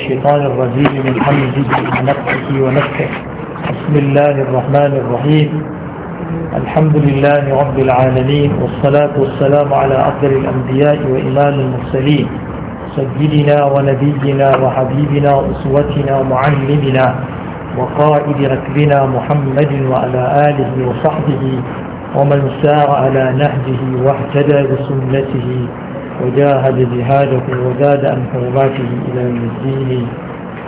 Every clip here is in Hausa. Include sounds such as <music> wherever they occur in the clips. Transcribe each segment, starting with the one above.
الشيطان الرجيم من حمده ونفسه ونفسه بسم الله الرحمن الرحيم الحمد لله رب العالمين والصلاة والسلام على أفضل الأنبياء وإمام المرسلين سيدنا ونبينا وحبيبنا وأسوتنا ومعلمنا وقائد ركبنا محمد وعلى آله وصحبه ومن سار على نهجه واهتدى بسنته وجاهد جهاده وزاد عن حرماته إلى الدين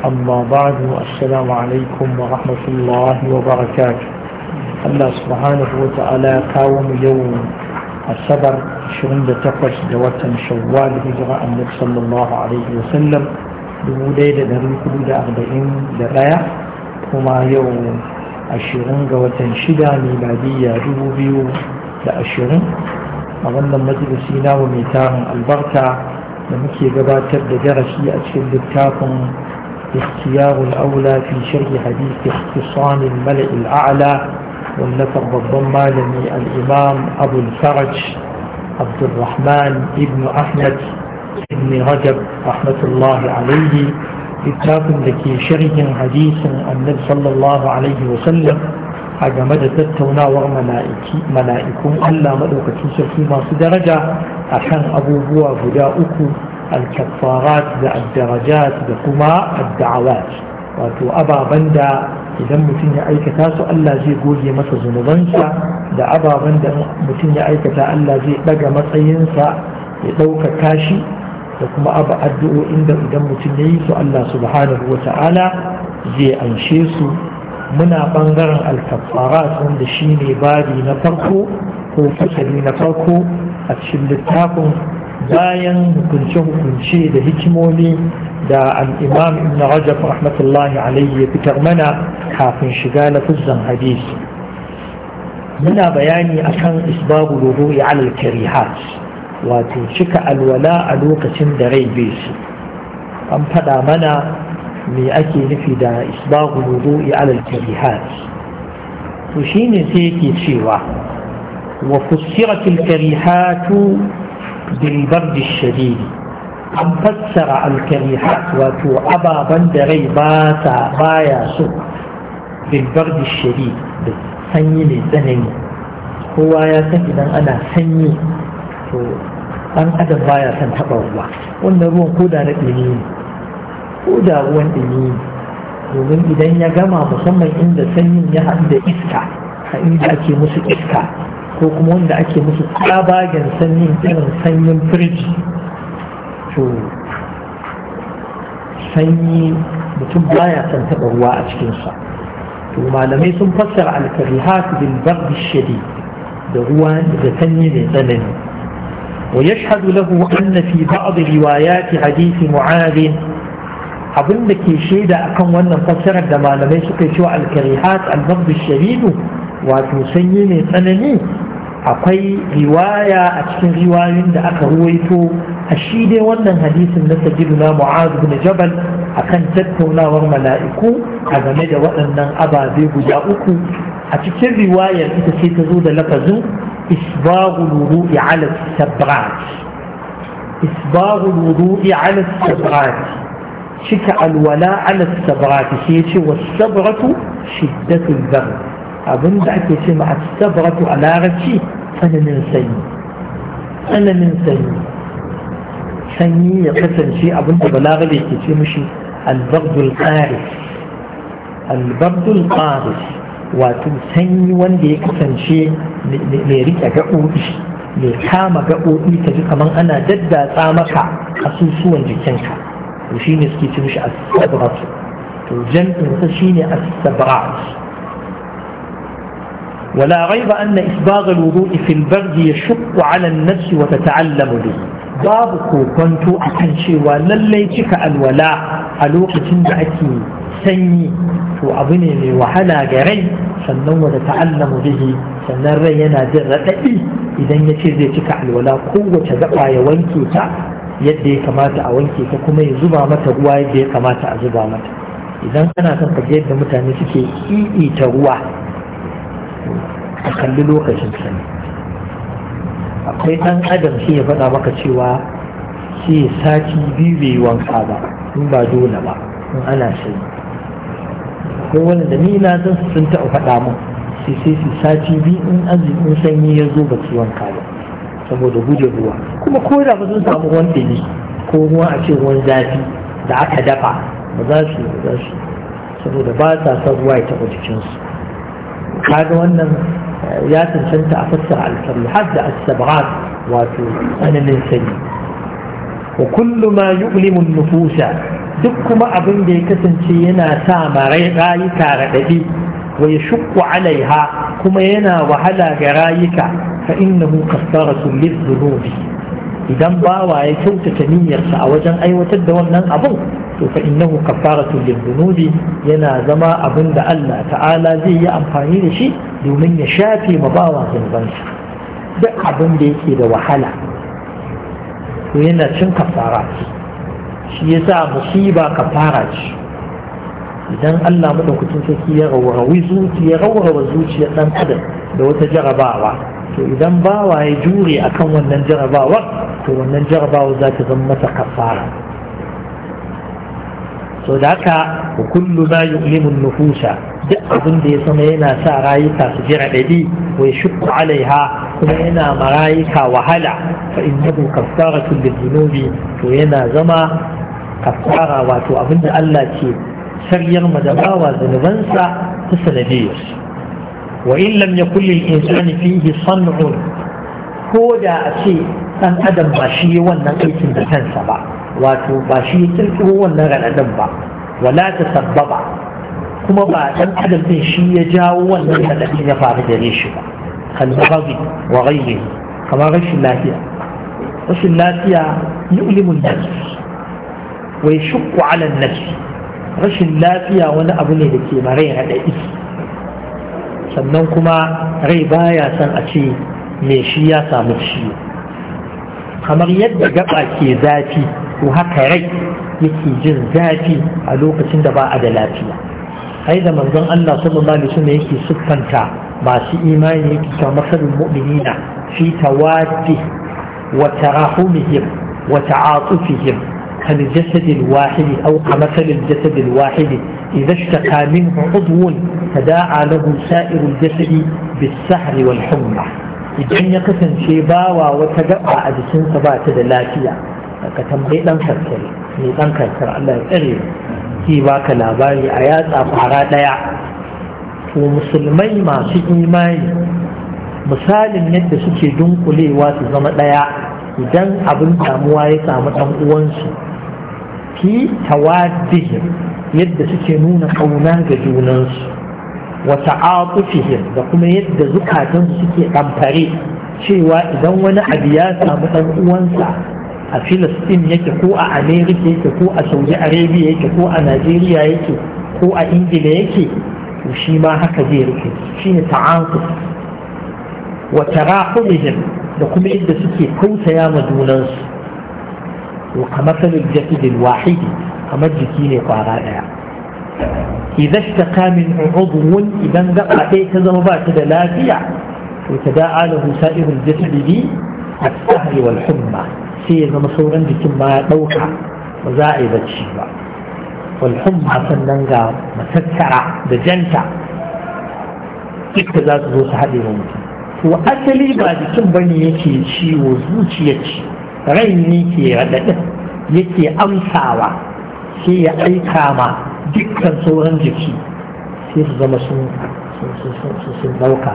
أما بعد السلام عليكم ورحمة الله وبركاته الله سبحانه وتعالى قاوم يوم السبر شغل تقوش دوات شوال هجرة النبي صلى الله عليه وسلم بمولي لدري كل أربعين دقايا وما يوم عشرين دوات شدة ميلادية دبو بيو لأشرين a wannan majalisi namu mai tarin albarka da muke gabatar da darasi a cikin littafin ikhtiyarul aula fi sharhi hadith ikhtisan al-mala' al-a'la wallafa babban malami al-imam abulfaraj al ibnu عبد الرحمن ابن أحمد ابن رجب رحمة الله عليه كتاب لك شرح حديث النبي صلى a game da tattaunawar mala'ikun Allah maɗaukacin sarki masu daraja a kan abubuwa guda uku alkafarat da addarajat da kuma adda'awat wato ababen da idan mutum ya aikata su Allah zai goge masa zunubansa da ababen da mutum ya aikata Allah zai ɗaga matsayinsa ya ɗaukaka shi da kuma abu addu'o'in da idan mutum ya yi su Allah subhanahu wa ta'ala zai anshe su muna bangaren alkafarat wanda shi ne babi na farko ko fasali na farko a cikin littafin bayan hukunce-hukunce da hikimomi da al'imam ibn rajab rahmatullahi alayhi ya fitar mana kafin shiga na fuzzan hadisi muna bayani akan isbabu ruhu ya alal karihat wato cika alwala a lokacin da rai bai su an faɗa mana me ake nufi da isbahu wudu'i alal karihat to shine sai yake cewa wa fussirat al karihatu bil bard shadid an fassara al karihat wato ababan da rai ba ta baya so bil bard shadid da sanyi mai tsanani kowa ya san idan ana sanyi to dan adam baya son taba ruwa wannan ruwan koda na ɗumi ne koda ruwan ɗumi domin idan ya gama musamman inda sanyin ya haɗu da iska a inda ake musu iska ko kuma wanda ake musu tsabagen sanyin irin sanyin firji to sanyi mutum baya san taɓa ruwa a cikinsa to malamai sun fassara haka bin bardi shadid da ruwa da sanyi mai tsanani ويشهد له أن في بعض روايات حديث معاذ abin da ke shaida akan wannan fassarar da malamai suka cewa alkarihat albabdu sharidu wato sanyi mai tsanani akwai riwaya a cikin riwayoyin da aka ruwaito a shi dai wannan hadisin na sajiduna na bin jabal akan tattaunawar mala'iku a game da waɗannan ababe guda uku a cikin riwayar ita ce ta zo da lafazin isbaghul wudu'i ala sabrat isbaghul wudu'i ala sabrat cika alwala ala sabrati shi yace was-sabratu shiddatul barr abinda ake ce ma as-sabratu a larabci tsananin sanyi tsananin sanyi sanyi ya kasance abinda balarabe ke ce mishi al-bardul qaris al-bardul qaris wato sanyi wanda ya kasance mai rike gaɓoɓi mai kama gaɓoɓi ta ji kamar ana daddatsa maka asusuwan jikinka وشيني سكيتي مش السبرة الجمع شيني السبرات ولا ريب أن إسباغ الوضوء في البرد يشق على النفس وتتعلم به باب كوكنتو أكنشي ولليتك الولاء ألوقة بعتي سني وأبني لي وحنا جري سنو وتتعلم به سنرينا sannan إذا yana jin raɗaɗi idan ya yadda ya kamata a wanke ta kuma ya zuba mata ruwa yadda ya kamata a zuba mata idan kana son ka yadda mutane suke ta ruwa a kalli lokacin sani. akwai ɗan adam shi ya faɗa maka cewa shi sati biyu bai wanka ba in ba dole ba in ana sai akwai wani da ni na sun taɓa faɗa min, sai sai sati biyu in azumin sanyi ya zo ba su wanka ba saboda guje ruwa kuma ko da ba sun samu ruwan dumi ko ruwa a cikin ruwan zafi da aka dafa ba za su za su saboda ba sa son ruwa ya taɓa jikinsu kaga wannan eh, ya cancanta a fassara al har da as wato tsananin sanyi wa kullu ma yu'limu nufusa duk kuma abin da ya kasance yana sa marai rayuka raɗaɗi wa ya shukku alaiha kuma yana wahala ga rayuka فإنه كفارة للذنوب idan bawa ya kyautata niyyarsa a wajen aiwatar da wannan abun to fa innahu kafaratu lidhunubi yana zama abin da Allah ta'ala zai yi amfani da shi domin ya shafe ma bawa zunubansa duk abin da yake da wahala to yana cin kafara shi yasa musiba kafara ce idan Allah madaukakin sarki ya rawawi zuciya rawawa zuciyar ɗan adam da wata jarabawa to idan bawa ya jure akan wannan jarabawar to wannan jarabawar za ta zama masa kafara so da haka kullu ma yu'limu nufusa duk abin da ya sama yana sa rayuka su jira dadi wa yashqu alaiha kuma yana marayuka wahala fa innahu kaffaratu lidhunubi to yana zama kafara wato abin da Allah ce ma dabawa zanubansa ta sanadiyar wa in lam yakul lil insani fihi san'un ko da a ce dan adam ba shi wannan aikin da kansa ba wato ba shi ya kirkiro wannan raɗaɗin ba wala ta sabbaba kuma ba dan adam din shi ya jawo wannan raɗaɗin ya faru da shi ba kalbabi wa ghayri kamar rashin lafiya rashin lafiya yu'limun nas wa yashqu 'ala an-nafs rashin lafiya wani abu ne da ke mare raɗaɗi sannan kuma rai baya son a ce me shi ya samu ciwo kamar yadda gaba ke zafi ko haka rai yake jin zafi a lokacin da ba a da lafiya ai da manzon Allah sallallahu alaihi wasallam yake siffanta masu imani yake ta masalul mu'minina fi tawaddi wa tarahumihim wa ta'atufihim كالجسد الواحد أو كمثل الجسد الواحد إذا اشتكى منه عضو تداعى له سائر الجسد بالسهر والحمى idan ya kasance bawa wata gaba a jikinsa ba ta da lafiya ka tambayi dan karkare mai dan karkar Allah ya tsare ki baka labari a yatsa fara daya to musulmai masu imani misalin yadda suke dunkulewa su zama daya idan abin damuwa ya samu dan uwansu fi tawaddihim yadda suke nuna kauna ga junansu wa ta'atufihim da kuma yadda zukatan suke kamfare cewa idan wani abu ya samu dan uwansa a Filistin yake ko a Amerika yake ko a Saudi Arabia yake ko a Najeriya yake ko a Ingila yake to shi ma haka zai rike shine ta'atuf wa tarahumihim da kuma yadda suke tausaya ma junansu to kamar jasidin wahidi kamar jiki ne kwara daya idza ishtaqa min udhwin idan gaba dai ta zama ba ta da lafiya to ta da'a lahu sa'irul jasadi bi as-sahri wal humma sai ya zama sauran jikin ma ya ba za a yi bacci ba wal humma sannan ga matattara da janta duka za su zo su haɗe wa mutum to asali ba jikin bane yake ciwo zuciyar ci. raini ke raɗaɗin yake amsawa sai ya aika ma dukkan sauran jiki sai su zama sun ɗauka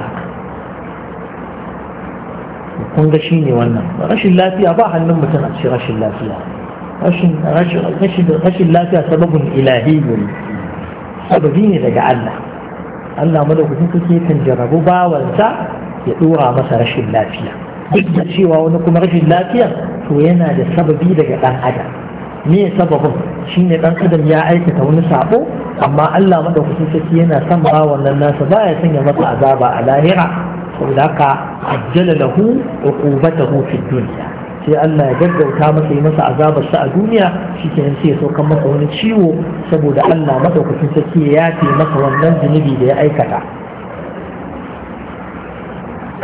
kun ga shi ne wannan rashin lafiya ba hannun mutum a cikin rashin lafiya rashin lafiya sababin ilahi ne sababi ne daga Allah Allah madaukakin kake kan jarabu bawansa ya ɗora masa rashin lafiya duk da cewa wani kuma rashin lafiya to yana da sababi daga ɗan adam me sababin shine ɗan adam ya aikata wani sabo amma Allah madaukakin sarki yana son ba wannan nasa ba ya ya masa azaba a lahira saboda haka ajjala lahu uqubatahu fid dunya sai Allah ya gaggauta masa yi masa azabar sa a duniya shikenan sai ya sauka masa wani ciwo saboda Allah madaukakin sarki ya yafe masa wannan zunubi da ya aikata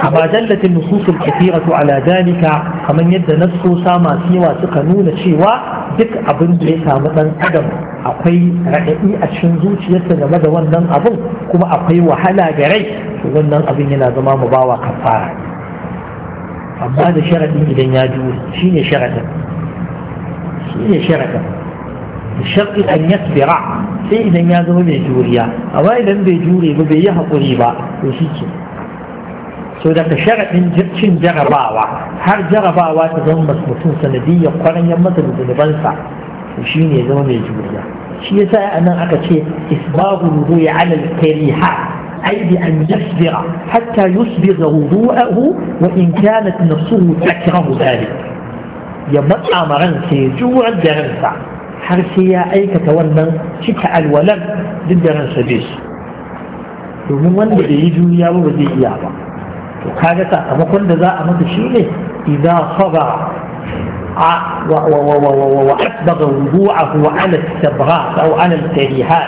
كما دلت النصوص الكثيرة على ذلك كمن يد نفسه yawa suka nuna cewa duk abin da ya samu ɗan adam akwai raɗaɗi a cikin zuciyarsa game da wannan abin kuma akwai wahala ga rai to wannan abin yana zama mu bawa kafara amma da sharaɗin idan ya jure shine sharaɗin shine sharaɗin sharɗi an yasbira sai idan ya zama mai juriya amma idan bai jure ba bai yi haƙuri ba to shi ke سودا كشغ من جن جغ راوا هر جغ راوا تزوم بس مفهوم سندية قرن يمت الوجود وشين يزوم يجوزا شيء سا أنا أكشي إثبات الوضوء على الكريهة أي بأن يصبر حتى يصبر وضوءه وإن كانت نفسه تكره ذلك يمت عمرن سيجوع الجنسة حرسيا أي كتولمن شتاء الولد للجنسة بيش ومن وين يا ولدي يا بابا to kaga sakamakon da za a masa shine idza وضوعه على السبغات أو على التريهات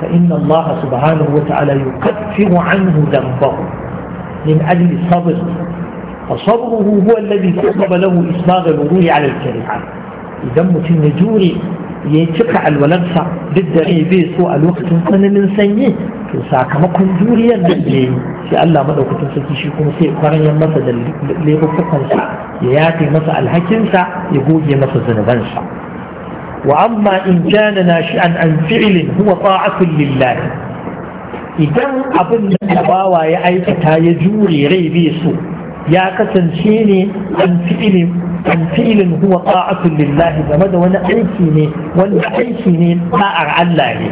فإن الله سبحانه وتعالى يكفر عنه ذنبه من أجل الصبر فصبره هو الذي سبب له إسباغ الوضوء على التريهات إذا في النجور ya cika alwalarsa duk da rai bai so a lokacin tsananin sanyi to sakamakon juriyar da ya yi sai Allah madaukakin saki shi kuma sai kwaranyan masa da laifukansa ya yafe masa alhakinsa ya goge masa zunubansa wa amma in kana nashi'an an fi'lin huwa ta'atun lillah idan abin da bawa ya aikata ya jure rai bai so ya kasance ne an fi'lin kan filin huwa ta'atun lillahi game da wani aiki ne wani aiki ne Allah ne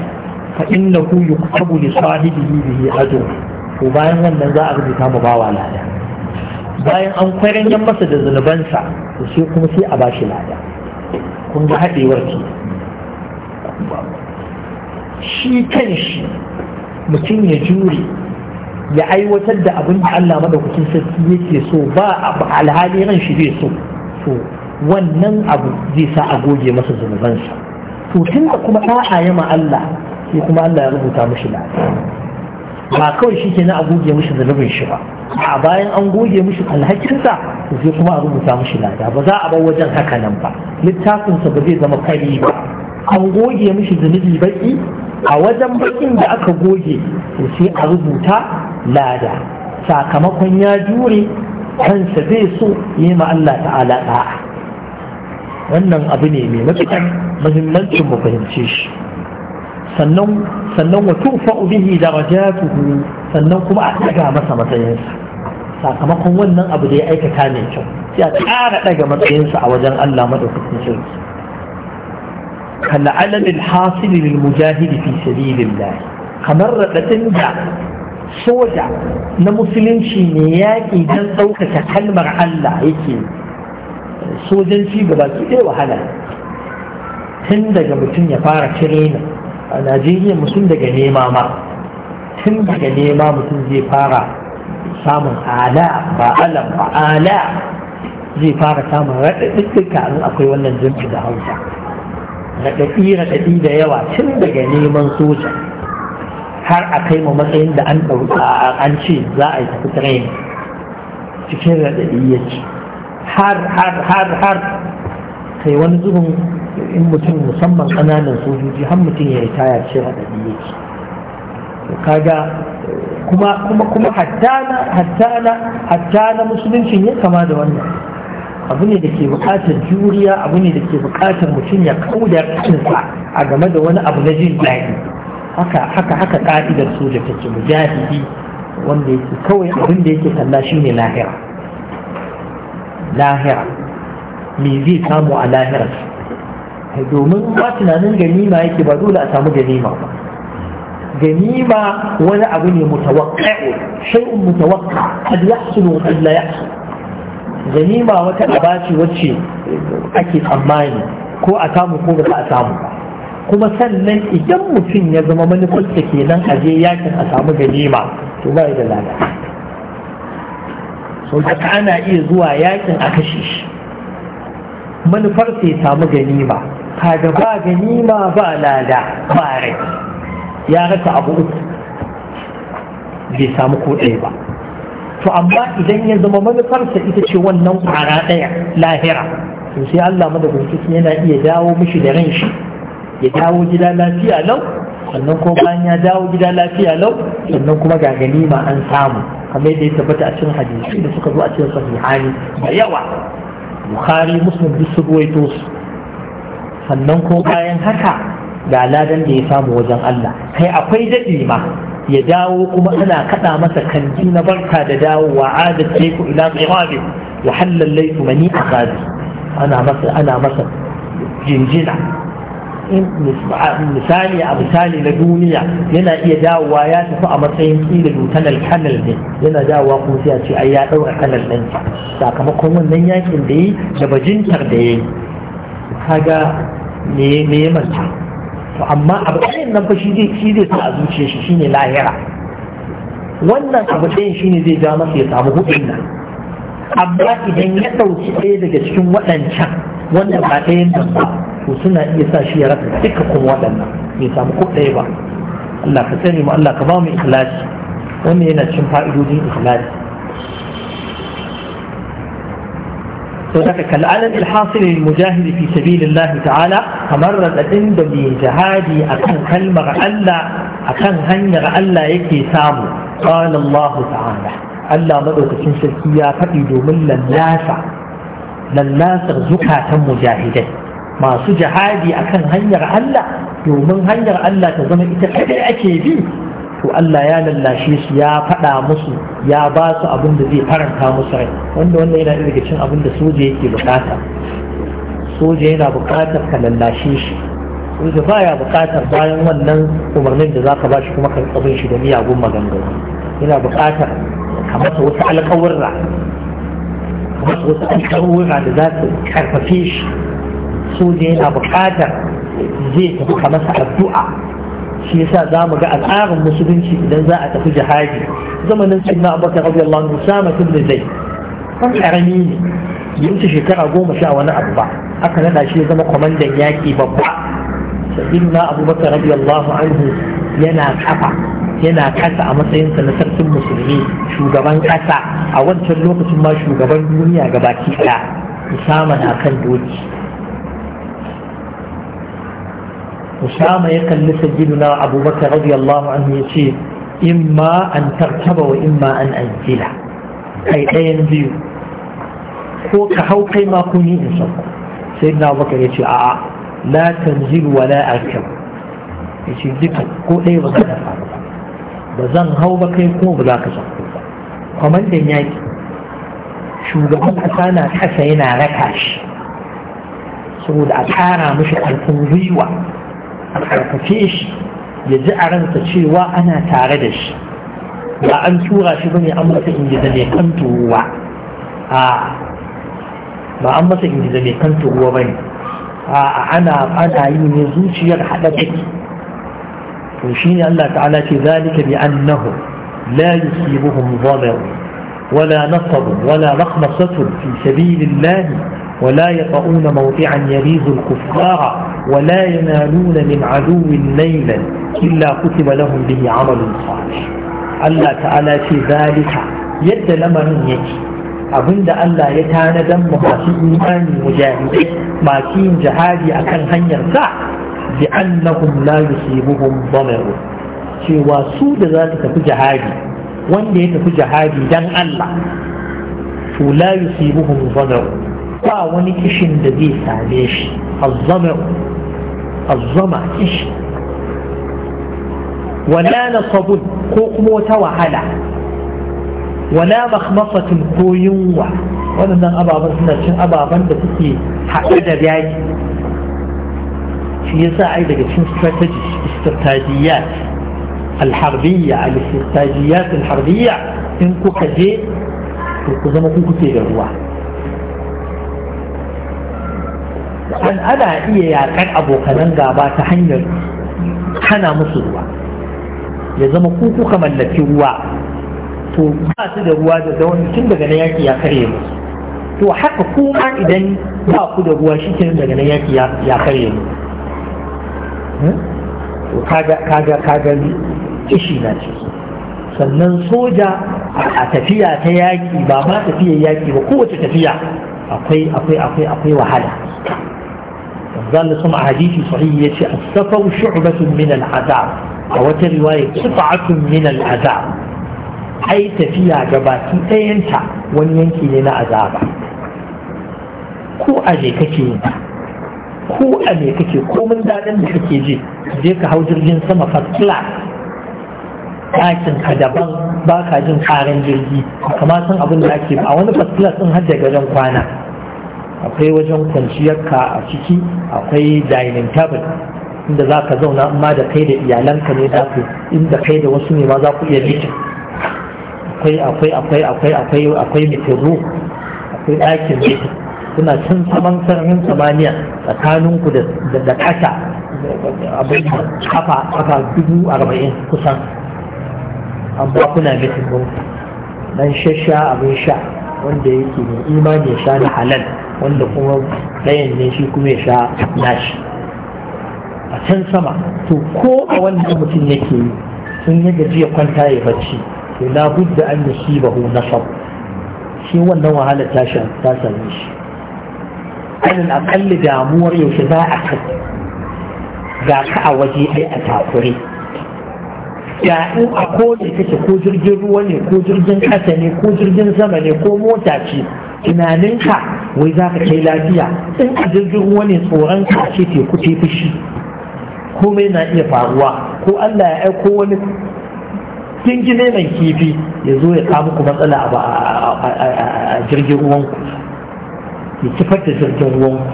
fa innahu yuktabu li sahibihi bihi ajr ko bayan wannan za a rubuta mu bawa lada bayan an kwarenyan masa da zulubansa to sai kuma sai a bashi lada kun ga hadewar ki shi kan shi mutum ya jure ya aiwatar da abinda Allah madaukakin sarki yake so ba alhali ran shi bai so to wannan abu zai sa a goge masa zunubansa to tun da kuma ɗa'a ya ma Allah sai kuma Allah ya rubuta mishi lafiya ba kawai shi ke na a goge mishi zunubin shi ba a bayan an goge mishi alhakinsa sai kuma a rubuta mashi lada ba za a bar wajen haka nan ba littafinsa ba zai zama kari ba an goge mashi zunubi baki a wajen bakin da aka goge to sai a rubuta lada sakamakon ya jure kansa zai so yi ma Allah ta'ala da'a wannan abu ne mai matuƙar muhimmancin mu fahimce shi sannan sannan wa ubihi bihi darajatuhu sannan kuma a ɗaga masa matsayinsa sakamakon wannan abu da ya aikata mai kyau sai a ƙara daga matsayinsa a wajen Allah madaukakin sarki Kana alamil hasili lil mujahidi fi sabilillah kamar radadin da soja na musulunci ne yaƙi don ɗaukaka kalmar Allah yake sojanci gaba ki ɗaya wahala tun daga mutum ya fara tirena a najeriya mutum daga nema ma tun daga nema mutum zai fara samun ala ba alam ba ala zai fara samun raɗaɗɗuka in akwai wannan jimfi da hausa raɗaɗi raɗaɗi da yawa tun daga neman soja har a kai mu matsayin da an an ce za a yi tafi training cikin raɗaɗi ya ce har har har har kai wani zubin in mutum musamman ƙananan sojoji har mutum ya ritaya ce raɗaɗi ya ce kaga kuma kuma kuma hattana, hattana musuluncin ya kama da wannan abu ne da ke bukatar juriya abu ne da ke bukatar mutum ya kauda kansa a game da wani abu na jin daɗi haka haka haka ka'idar soja take mujahidi wanda yake kawai abin da yake kalla shine lahira lahira me zai samu a lahira domin ba tunanin ganima yake ba dole a samu ganima ba ganima wani abu ne mutawakka'u shay'un mutawakka qad yahsulu wa qad la yahsul ganima wata abaci ce wacce ake tsammani ko a samu ko ba a samu ba kuma sannan idan mutum ya zama manufarsa kenan a je yakin a samu ganima to ba da lada so daga ana iya zuwa yakin a kashe shi manufarsa ya samu ganima kaga ba ganima ba lada ba rai ya rasa abu uku bai samu ko ɗaya ba to amma idan ya zama manufarsa ita ce wannan kwara ɗaya lahira to sai Allah madaukakin yana iya dawo mishi da ran shi ya dawo gida lafiya lau sannan kuma bayan ya dawo gida lafiya lau sannan kuma ga ganima an samu kamar yadda ya tabbata a cikin hadisi da suka zo a cikin sahihani da yawa bukhari muslim duk su ruwaito su sannan bayan haka ga ladan da ya samu wajen Allah kai akwai daɗi ma ya dawo kuma ana kaɗa masa kanji na barka da dawowa adat sai ku ila wa halallai mani a ana masa ana masa jinjina misali a misali na duniya yana iya dawowa ya tafi a matsayin kila lutanar kanal ne yana dawowa kuma sai a ce ai ya daura kanal ɗin sakamakon wannan yakin da yi da bajintar da ya yi kaga me me ya manta to amma abu ɗayan nan fa shi zai sa a zuciya shi shine lahira wannan abu ɗayan shine zai ja masa ya samu hudun nan amma idan ya ɗauki ɗaya daga cikin waɗancan wannan ba ɗayan nan ba to suna iya sa shi ya rasa duka kuma waɗannan bai samu ko ɗaya ba Allah ka sani mu Allah ka ba mu ikhlasi wannan yana cin fa'idodin ikhlasi to daga kal'alan ilhasil mujahid fi sabilillahi ta'ala kamar radadin da mai jihadi akan kalmar Allah akan hanyar Allah yake samu qala Allah ta'ala Allah madaukakin sarki ya faɗi domin lallasa lallasar zukatan mujahidai masu jihadi akan hanyar Allah domin hanyar Allah ta zama ita kadai ake bi to Allah ya lallashe su ya faɗa musu ya ba su abin da zai faranta musu rai wanda wannan yana daga cin abin da soja yake bukata soja yana bukatar ka lallashe shi soja baya bukatar bayan wannan umarnin da zaka ba shi kuma ka tsabin shi da miyagun maganganu yana bukatar ka masa wasu alƙawarra ka masa wasu alƙawarra da za su karfafe shi soja yana buƙatar zai tafi masa addu'a shi yasa za mu ga al'adar musulunci idan za a tafi jihadi zamanin sayyidina abubakar radiyallahu anhu sama tun da zai kan karami ne ya wuce shekara goma sha wani abu ba aka nada shi ya zama kwamandan yaƙi babba sayyidina abubakar radiyallahu anhu yana kafa yana kasa a matsayinsa na sarkin musulmi shugaban ƙasa a wancan lokacin ma shugaban duniya gabaki ɗaya usama na kan doki usama ya kalli sayyiduna abubakar radiyallahu anhu ya ce imma an tartaba wa imma an anzila kai ɗayan biyu ko ka hau kai ma ko ni in sauko sayyiduna abubakar ya ce a'a la tanzilu wa la arkab ya ce duka ko ɗaya ba za ta ba ba zan hau ba kai kuma ba za ka sauko ba kwamandan yaƙi shugaban ƙasa na ƙasa yana raka shi saboda a ƙara mashi ƙarfin gwiwa a karfafe shi ya ji a ransa cewa ana tare da shi ba an tura shi bane an masa ingiza mai kan turuwa a ba an masa ingiza mai kan turuwa bane a ana ana yi ne zuciyar hada take to shine Allah ta'ala ce zalika bi annahu la yusibuhum dhamar ولا نصب ولا مخمصة في سبيل الله ولا يطعون موضعا يغيظ الكفار ولا ينالون من عدو ليلا إلا كتب لهم به عمل صالح الله تعالى في ذلك يد لمن يجي abinda Allah ya tanadan mu masu imani mujahidai yin jihadi akan hanyar sa bi annahum la yusibuhum dhamar cewa su da za su tafi jihadi wanda ya tafi jihadi dan Allah la ba wani kishin da zai same shi azzama azzama kishi wala nasabun ko kuma wata wahala wala makhmafatun ko yunwa waɗannan ababen suna cin ababen da suke haɗe da yaƙi shi yasa ai daga cikin strategy istirtajiyat alharbiyya al-istirtajiyat alharbiyya in kuka je to ku zama ku kuke da ruwa ana iya yakan abokanan gaba ta hanyar hana musu ruwa ya zama ku kuka mallaki ruwa to ba su da ruwa da zaune tun daga na yaki ya karye musu to haka kuma idan ba ku da ruwa shi tun daga na yaki ya karye musu hmm? to kaga kaga kaga kishi na ciki sannan soja a tafiya ta yaki ba ma tafiyar yaki ba kowace tafiya akwai akwai akwai akwai wahala قال لكم حديث صحيح السفر شعبة من العذاب a رواية قطعة من العذاب أي تفيا wani yanki ne na azaba. ko a me kake yi ko a me kake ko mun daɗin da kake ji je ka hau jirgin sama first class ɗakin ka daban ba ka jin ƙarin jirgi kamar san abin da ake a wani first class ɗin har da gadon kwana akwai wajen kwanciyarka a ciki akwai dining table inda za ka zauna amma da kai da iyalanka ne za ku inda kai da wasu ne ma za ku iya miki akwai akwai akwai akwai akwai akwai mitirru akwai ɗakin miki kuna cin saman sararin samaniya tsakaninku da ƙasa abin kafa kafa dubu arba'in kusan amma kuna mitin Nan shasha abin sha wanda yake ne imani ya sha na halal wanda kuma ɗayan ne shi kuma ya sha nashi a can sama to ko a wanda mutum yake yi sun yi gajiya kwanta ya bacci to la budda an na nasab shi wannan wahala ta sha ta same shi alal damuwar yaushe za a kai ga ka a waje ɗaya a takure ya in a kone kake ko jirgin ruwa ne ko jirgin ƙasa ne ko jirgin sama ne ko mota ce tunaninka wai za ka kai lafiya in a jirgin ruwa ne tsoron ka ce teku ce fushi komai na iya faruwa ko Allah ya aiko wani gingine mai kifi ya zo ya kawo muku matsala a jirgin ruwanku ya kifar da jirgin ruwanku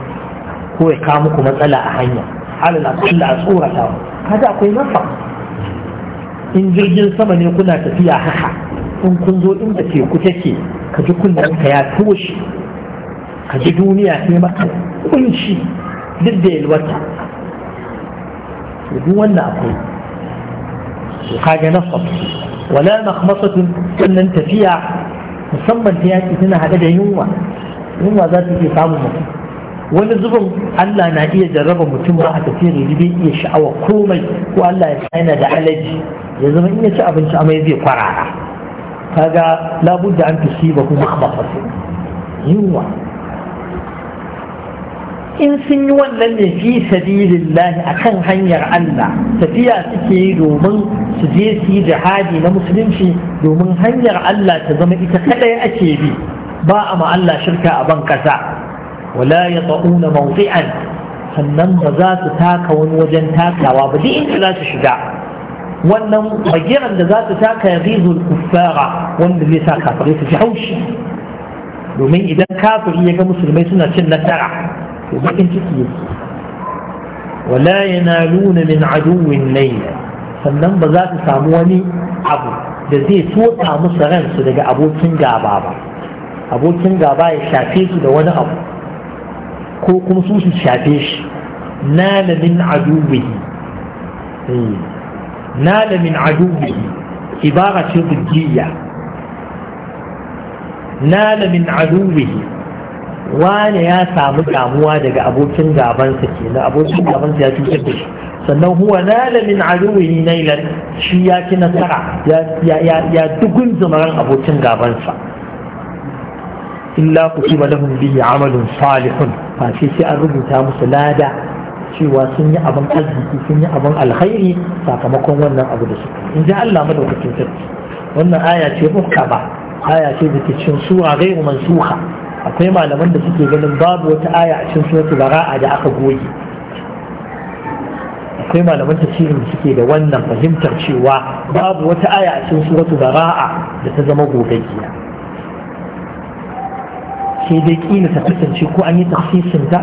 ko ya kawo muku matsala a hanya halin a a tsorata kada akwai nafa in jirgin sama ne kuna tafiya haka in kun zo inda teku take ka ji kunnanka ya toshe ka ji duniya sai maka kunshi duk da yalwata duk wannan akwai kaga nasab wala makhmasatun sannan tafiya musamman ta yaƙi tana hada da yunwa yunwa za ta iya samun mutum wani zubin Allah na iya jarraba mutum ba a tafiyar da bai iya sha'awa komai ko Allah ya sa yana da alaji ya zama in ya ci abinci amai zai kwarara kaga labudda an tusiba kuma yunwa in sun yi wannan ne fi sabilillahi akan hanyar Allah tafiya suke yi domin su je su yi jihadi na musulunci domin hanyar Allah ta zama ita kadai ake bi ba a ma Allah shirka a ban kasa wala ya tsa'una mawdi'an sannan ba za su taka wani wajen takawa ba duk inda za su shiga wannan bagiran da za ta taka ya rizul kuffara wanda zai sa kafirai su ji haushi domin idan kafiri ya ga musulmai suna cin nasara to bakin ciki yake wala yanaluna min aduwwin layla sannan ba za ta samu wani abu da zai tota musu ransu daga abokin gaba ba abokin gaba ya shafe su da wani abu ko kuma su su shafe shi nala min aduwwihi eh. نال من عدوه عبارة ضدية نال من عدوه wane ya samu damuwa daga abokin gabansa ke na abokin gabansa ya cutar da shi sannan huwa nala min aduwihi nailan shi ya ci nasara ya dugun zumaran abokin gabansa illa kutiba lahum bihi amalun salihun fa sai an rubuta musu lada cewa sun yi abin arziki sun yi abin alkhairi sakamakon wannan abu da suka in ji Allah madaukakin sarki wannan aya ce ukka ba aya ce da ke cin sura gairu mansuha akwai malaman da suke ganin babu wata aya a cikin suratul bara'a da aka goge akwai malaman tafsirin da suke da wannan fahimtar cewa babu wata aya a cikin suratul bara'a da ta zama gogaggiya sai dai kila ta kasance ko an yi tafsirin ta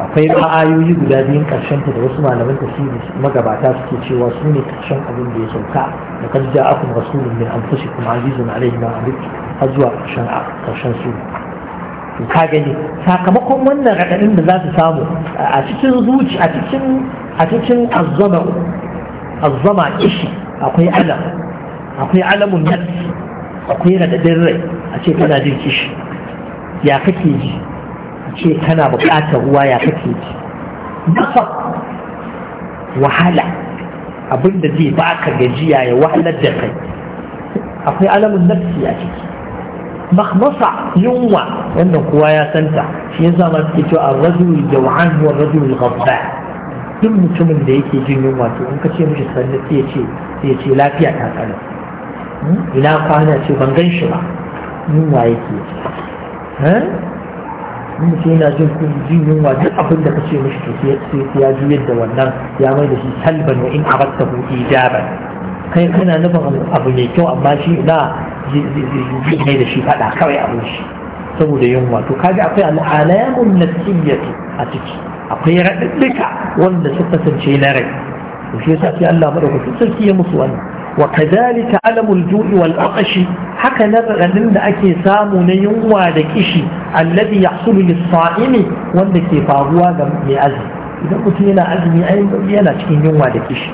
akwai ra'ayoyi guda biyun karshen ta da wasu malaman tafsiri magabata suke cewa su ne karshen abin da ya sauka da kan ja'akum rasulun min kuma azizun alayhi ma anbitu har zuwa karshen karshen su to ka gani sakamakon wannan raɗaɗin da za su samu a cikin zuci a cikin a cikin azzama azzama ishi akwai alam akwai alamun nafsi akwai raɗaɗin rai a ce kana jin kishi ya kake ji ce kana buƙatar ruwa ya kake ji nasa wahala abinda zai baka gajiya ya wahalar da kai akwai alamun nafsi a ciki makhmasa yunwa wannan kowa ya santa shi yasa ma suke cewa a rajul jaw'an huwa rajul ghadban duk mutumin da yake jin yunwa to in ka ce mishi sanne sai ya ce sai ya ce lafiya ta kana hmm? ina kwana ce ban gan shi ba yunwa yake mutum yana jin jin yunwa duk abin da kace mishi to sai ya juyar da wannan ya mai da shi salban wa in abatta hu ijaban kai kana nufin abu mai kyau amma shi na ji ne da shi fada kawai abin shi saboda yunwa to kaga akwai al'alamun nafsiyyatu a ciki akwai raɗaɗɗuka wanda suka kasance na rai to shi yasa sai Allah madaukakin sarki ya musu wannan وكذلك ألم الجوع والعطش حكى نبغن أكي سامو نيوم ودكشي الذي يحصل للصائم وانك فاغوا لأزم إذا قلت لنا أزمي yana cikin yunwa da kishi.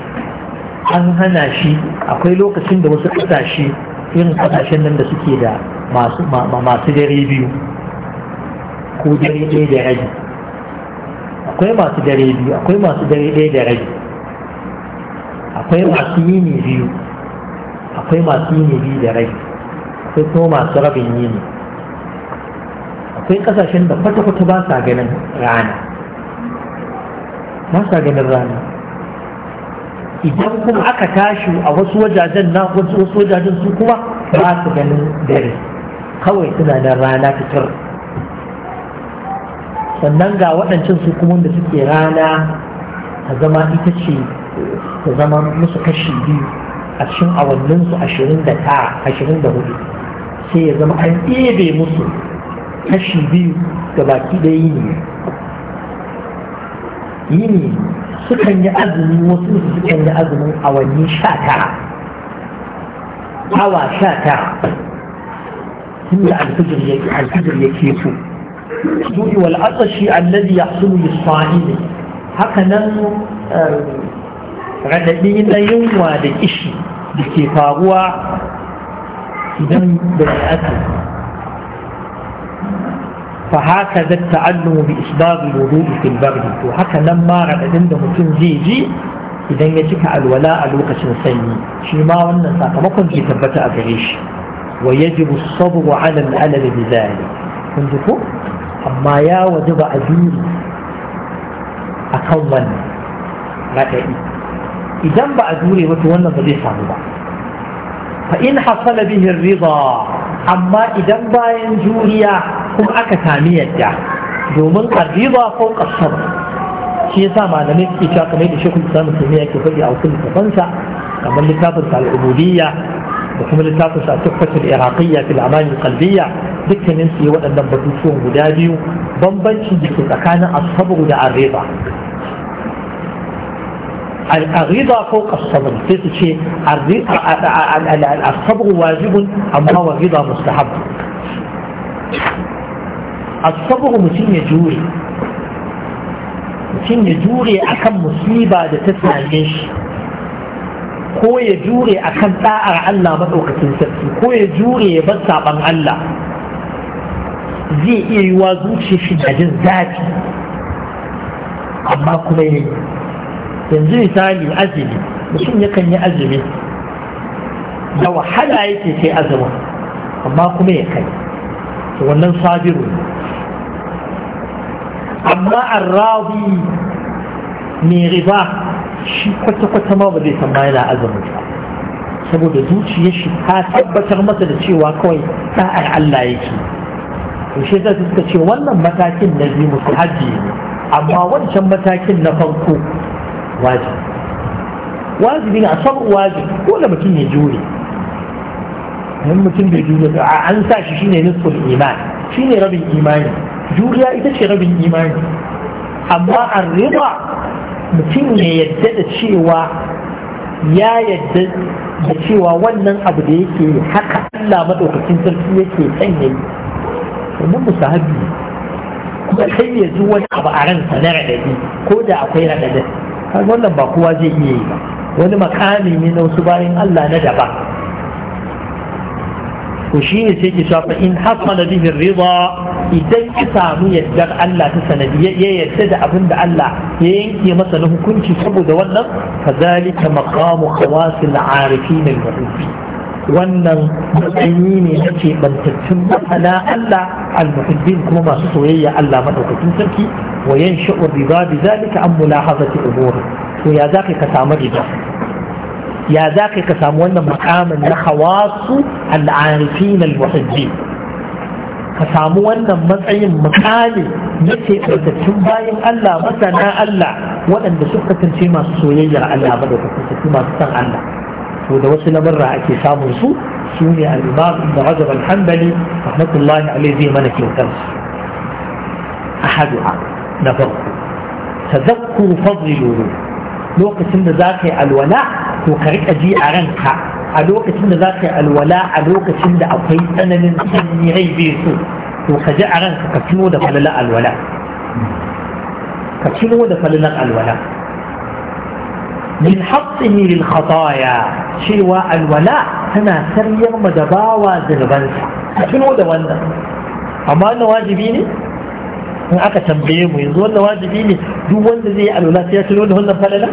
an hana shi akwai lokacin da wasu kasashe irin kasashen nan da suke da masu dare biyu ko dare ɗaya da rabi akwai masu dare biyu akwai masu dare ɗaya da rabi akwai masu yini biyu akwai masu yin bi da rai akwai kuma masu rabin yini akwai kasashen da kwata-kwata ba sa ganin rana ba sa ganin rana idan kuma aka tashi a wasu wajajen na wasu wajajen su kuma ba su ganin dare kawai suna nan rana fitar sannan ga waɗancan su kuma da suke rana ta zama ita ce ta zama musu kashi biyu a cikin awanninsu ashirin da tara ashirin da hudu sai ya zama an ɗebe musu kashi biyu da baki ɗaya yi. yini sukan yi azumi wasu su sukan yi azumin awanni sha tara awa sha tara tunda alfijir yake alfijir yake so su'i wal atsashi alladhi yahsulu lis-sa'imi haka nan eh, raɗaɗi na yunwa da kishi da ke faruwa idan bai ake fa haka da ta'allumu bi isbab alwudu fil bard to haka nan ma radadin da mutum zai ji idan ya cika alwala a lokacin sanyi shi ma wannan sakamakon ke tabbata a gare shi wa yajibu sabru ala al'alal bizali kun ji ko amma ya wajaba azuri akan wannan radadi idan ba a jure ba to wannan ba zai samu ba fa in hasala bihi rida amma idan bayan juriya kuma aka sami yadda domin arriba fawqa sabr shi yasa malamai suke cewa kamar da shekul islam musulmi yake faɗi a wasu littafansa kamar littafin al'ubudiyya da kuma littafin sa tuhfatul iraqiyya fil amali qalbiyya dukkanin su yi waɗannan batutuwan guda biyu bambanci da ke tsakanin asabar da arriba الرضا فوق الصبر تتشي الصبر واجب أما والرضا مستحب الصبر متين يجوري متين يجوري أكم مصيبة تتسعيش ko ya jure a ɗa'ar Allah maɗaukacin tafi, ko ya jure ya bar saɓan Allah zai iya yiwa zuciya shi da jin zafi amma kuma ya yi yanzu misali azumi mutum yakan yi azumi da wahala yake kai azumin amma kuma ya kai wannan sabiru ne amma arrabi mai riba shi kwata-kwata ma ba zai san ma yana azumin saboda zuciyar shi ta tabbatar masa da cewa kawai da'ar Allah yake to shi zai suka ce wannan matakin na biyu musu hajji ne amma wancan matakin na farko wajibi wajibi na sabar ko dole mutum ya jure in mutum bai jure an sa shi shine nisful iman shine rabin imani juriya ita ce rabin imani amma an riba mutum ya yadda da cewa ya yadda da cewa wannan abu da yake haka Allah maɗaukacin sarki yake son yayi wannan musahabi kuma kai ya ji wani abu a ransa na raɗaɗi ko da akwai raɗaɗin har wannan ba kowa zai iya yi ba wani makami ne na wasu bayan Allah na daba to ne sai ki shafa in hasala bihi riba idan ki samu yaddar Allah ta sanadi ya yadda da abin da Allah ya yanke masa na hukunci saboda wannan fadalika maqamu khawasil arifin al-ma'rufin wannan matsayi ne na keɓantattun na Allah al-muhibbin kuma masu soyayya Allah madaukakin sarki wa yansha'u riba bi zalika an mulahazati umuri to ya zaka ka samu riba ya zaka ka samu wannan makamin na hawasu al-arifin al-muhibbin ka samu wannan matsayin mukami na keɓantattun bayan Allah masana Allah waɗanda suka kasance masu soyayyar Allah madaukakin sarki masu san Allah to da wasu lamarra ake samun su su ne al-imam da rajab al-hanbali rahmatullahi alaihi zai mana kyautar su ahaduha na farko tazakku fadlu lokacin da zaka yi alwala to ka rika ji a ranka a lokacin da zaka yi alwala a lokacin da akwai tsananin sanyi rai bai so to ka ji a ranka ka tuno da falalar alwala ka tuno da falalar alwala min haqqi lil khataya cewa alwala tana karyar mu da bawa zunubansa a tuno da wannan amma wannan wajibi ne in aka tambaye mu yanzu wannan wajibi ne duk wanda zai yi alwala sai ya tuno da wannan falala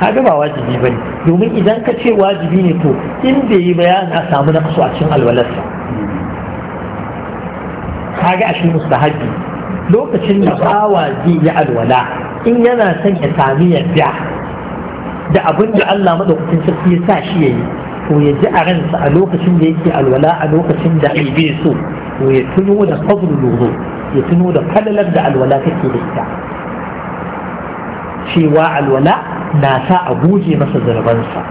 kaga ba wajibi ba ne domin idan ka ce wajibi ne to in bai yi bayan a samu na kaso a cikin alwalarsa kaga a shi mustahabi lokacin da bawa zai yi alwala in yana son ya sami yadda da abin da Allah madaukakin sarki ya sa shi yayi ko ya ji a ransa a lokacin da yake alwala a lokacin da ai bai so ko ya tuno da fadlul wudu ya tuno da falalar da alwala take da ita cewa alwala na sa a guje masa zarbansa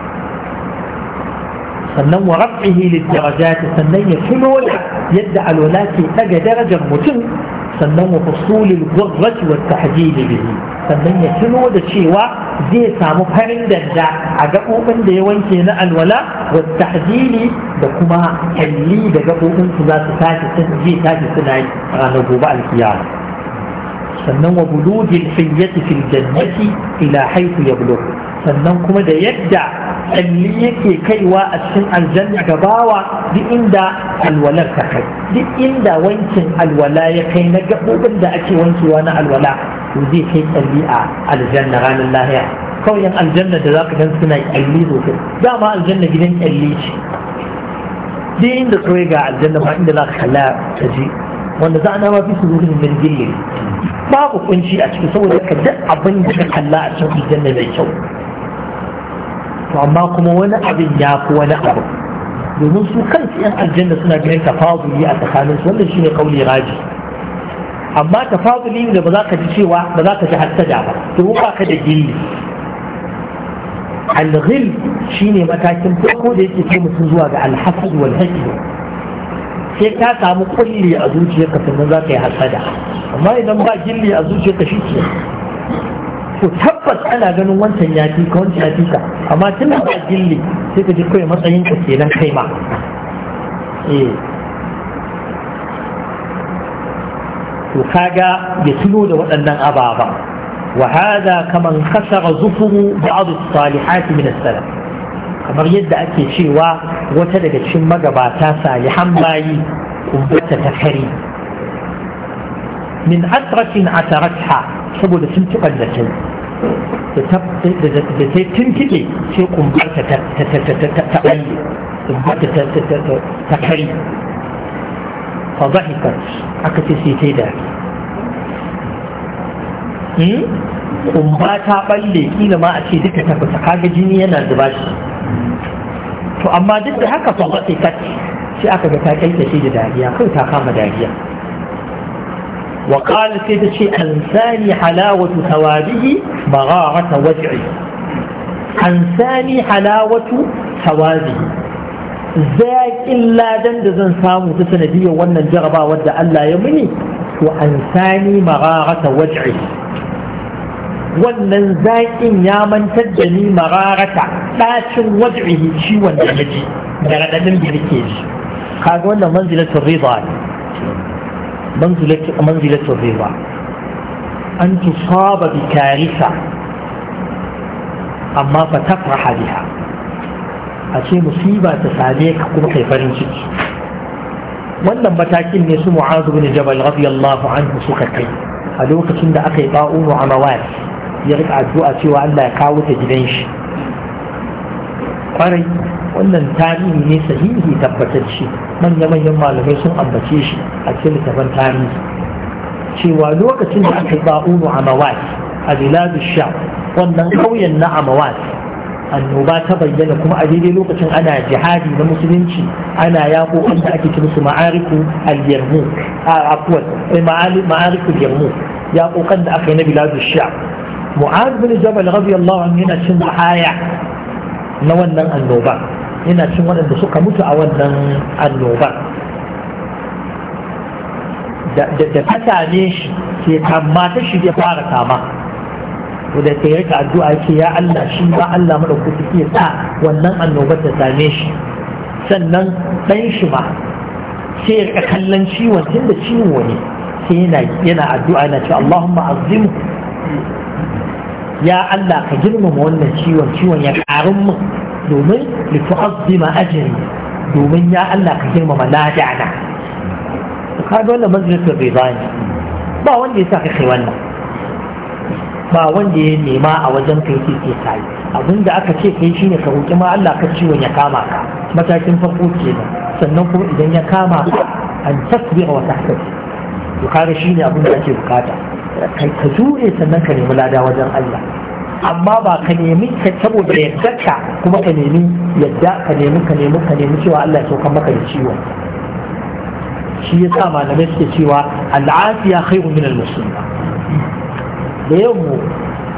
sannan wa rabbihi lid sannan ya tuno da yadda alwala ke daga darajar mutum sannan wa fasulil gurrati wa tahdid bihi sannan ya tuno da cewa zai samu farin danda a gaɓoɓin da ya wanke na alwala wa tahdili da kuma halli da gaɓoɓin su za su tashi zai tashi suna yi ranar gobe alkiyama sannan wa buludin hiyyati fil jannati ila haythu yablugh sannan kuma da yadda tsalli yake kaiwa a cikin aljanna ga bawa duk inda alwalar ta kai duk inda wankin alwala ya kai na gaɓoɓin da ake wankewa na alwala to zai kai tsalli a aljanna ranar lahiya kawai aljanna da za ka gan suna tsalli sosai dama aljanna gidan tsalli ce duk inda kawai ga aljanna ba inda za ka kalla ta ji wanda za a nama fi su zuwa min gilli babu kunci a ciki saboda ka duk abin da ka kalla a cikin aljanna mai kyau to amma kuma wani abin ya fi wani abu domin su kansu yan aljanna suna ganin tafaduli a tsakanin su wannan shine kauli raji amma tafaduli da ba za ka ji cewa ba za ka ji hassada ba To ba ka da gilli alghil shine matakin farko da yake kai mutum zuwa ga alhasad wal hasad sai ka samu kulli a zuciyarka sannan za ka yi hasada amma idan ba gilli a zuciyarka shi ke Ku tabbas ana ganin wancan yafi fi ka wancan ya amma tun da ba sai ka ji kawai matsayin ka kenan kai ma eh. to kaga ya tuno da waɗannan ababen wa kamar kaman kasara zufuru ba'd as-salihati min kamar yadda ake cewa wata daga cikin magabata salihan bayi kumbata ta kare min asratin asaratha saboda sun tuban da da ta tuntike sai kumbarta ta ɓalle kumbarta ta ta kari fa zahikar aka ce sai ta yi dariya kumba ta ɓalle kila ma a ce duka ta fita kaga jini yana zuba shi to amma duk da haka fa zahikar sai aka ga ta kai da shi da dariya kawai ta kama dariya وقال سيدة شيء أنساني حلاوة ثوابه بغارة وجعه أنساني حلاوة ثوابه ذاك إلا دند زن سامو تسندية وانا الجربة ودى ألا يمني وأنساني مغارة وجعه wannan zaƙin ya mantar da ni mararata ɗacin waj'ihi ciwon da naji da raɗaɗin da nake ji kaga wannan manzilatul rida ne manzilatu ba an tusaba bi karisa amma fa tafraha biha a ce musiba ta same ka kuma kai farin ciki wannan matakin ne su mu'adu bin jabal radiyallahu anhu suka kai a lokacin da aka yi ba'u mu'amawat ya rika addu'a cewa Allah ya kawo ta gidan shi ƙwarai wannan tarihi ne sahihi tabbatacce manya-manyan malamai sun ambace shi a cikin littafin tarihi cewa lokacin da aka yi ba'unu a mawat a biladu sha wannan ƙauyen na mawat, annoba ta bayyana kuma a daidai lokacin ana jihadi na musulunci ana yaƙo wanda ake ci musu ma'ariku al-yarmu a akwai eh, ma'ariku yarmu yaƙoƙan da aka yi na biladu sha mu'az bin jabal radiyallahu anhu yana cin haya na wannan annoba yana cin waɗanda suka mutu a wannan annobar da ta ne shi ke kama ta shi ya fara kama da ta yi rika addu'a ke ya Allah shi ba Allah mara kuɗi ke sa wannan annobar ta same shi sannan ɗan shi ma sai ya rika kallon ciwon tun da ciwo ne sai yana addu'a yana ce Allahumma azim ya Allah ka girmama wannan ciwon ciwon ya ƙarin mu domin litu'azzima ajri domin ya Allah ka girmama da'ana. ka ga wannan majalisar bai bani ba wanda ya sa ka kai wannan ba wanda ya nema a wajen kai sai sai kai da aka ce kai shine ka roƙi ma Allah ka ciwon ya kama ka matakin farko kenan sannan kuma idan ya kama ka an tasbira wa tahtaji to kaga shine abin da ake bukata ka jure sannan ka nemi lada wajen Allah amma ba ka nemi ka saboda yaddarka kuma ka nemi yadda ka nemi ka nemi ka nemi cewa Allah ya saukan maka da ciwo shi ya sa malamai suke cewa al'afiya khairu min al-musiba da yau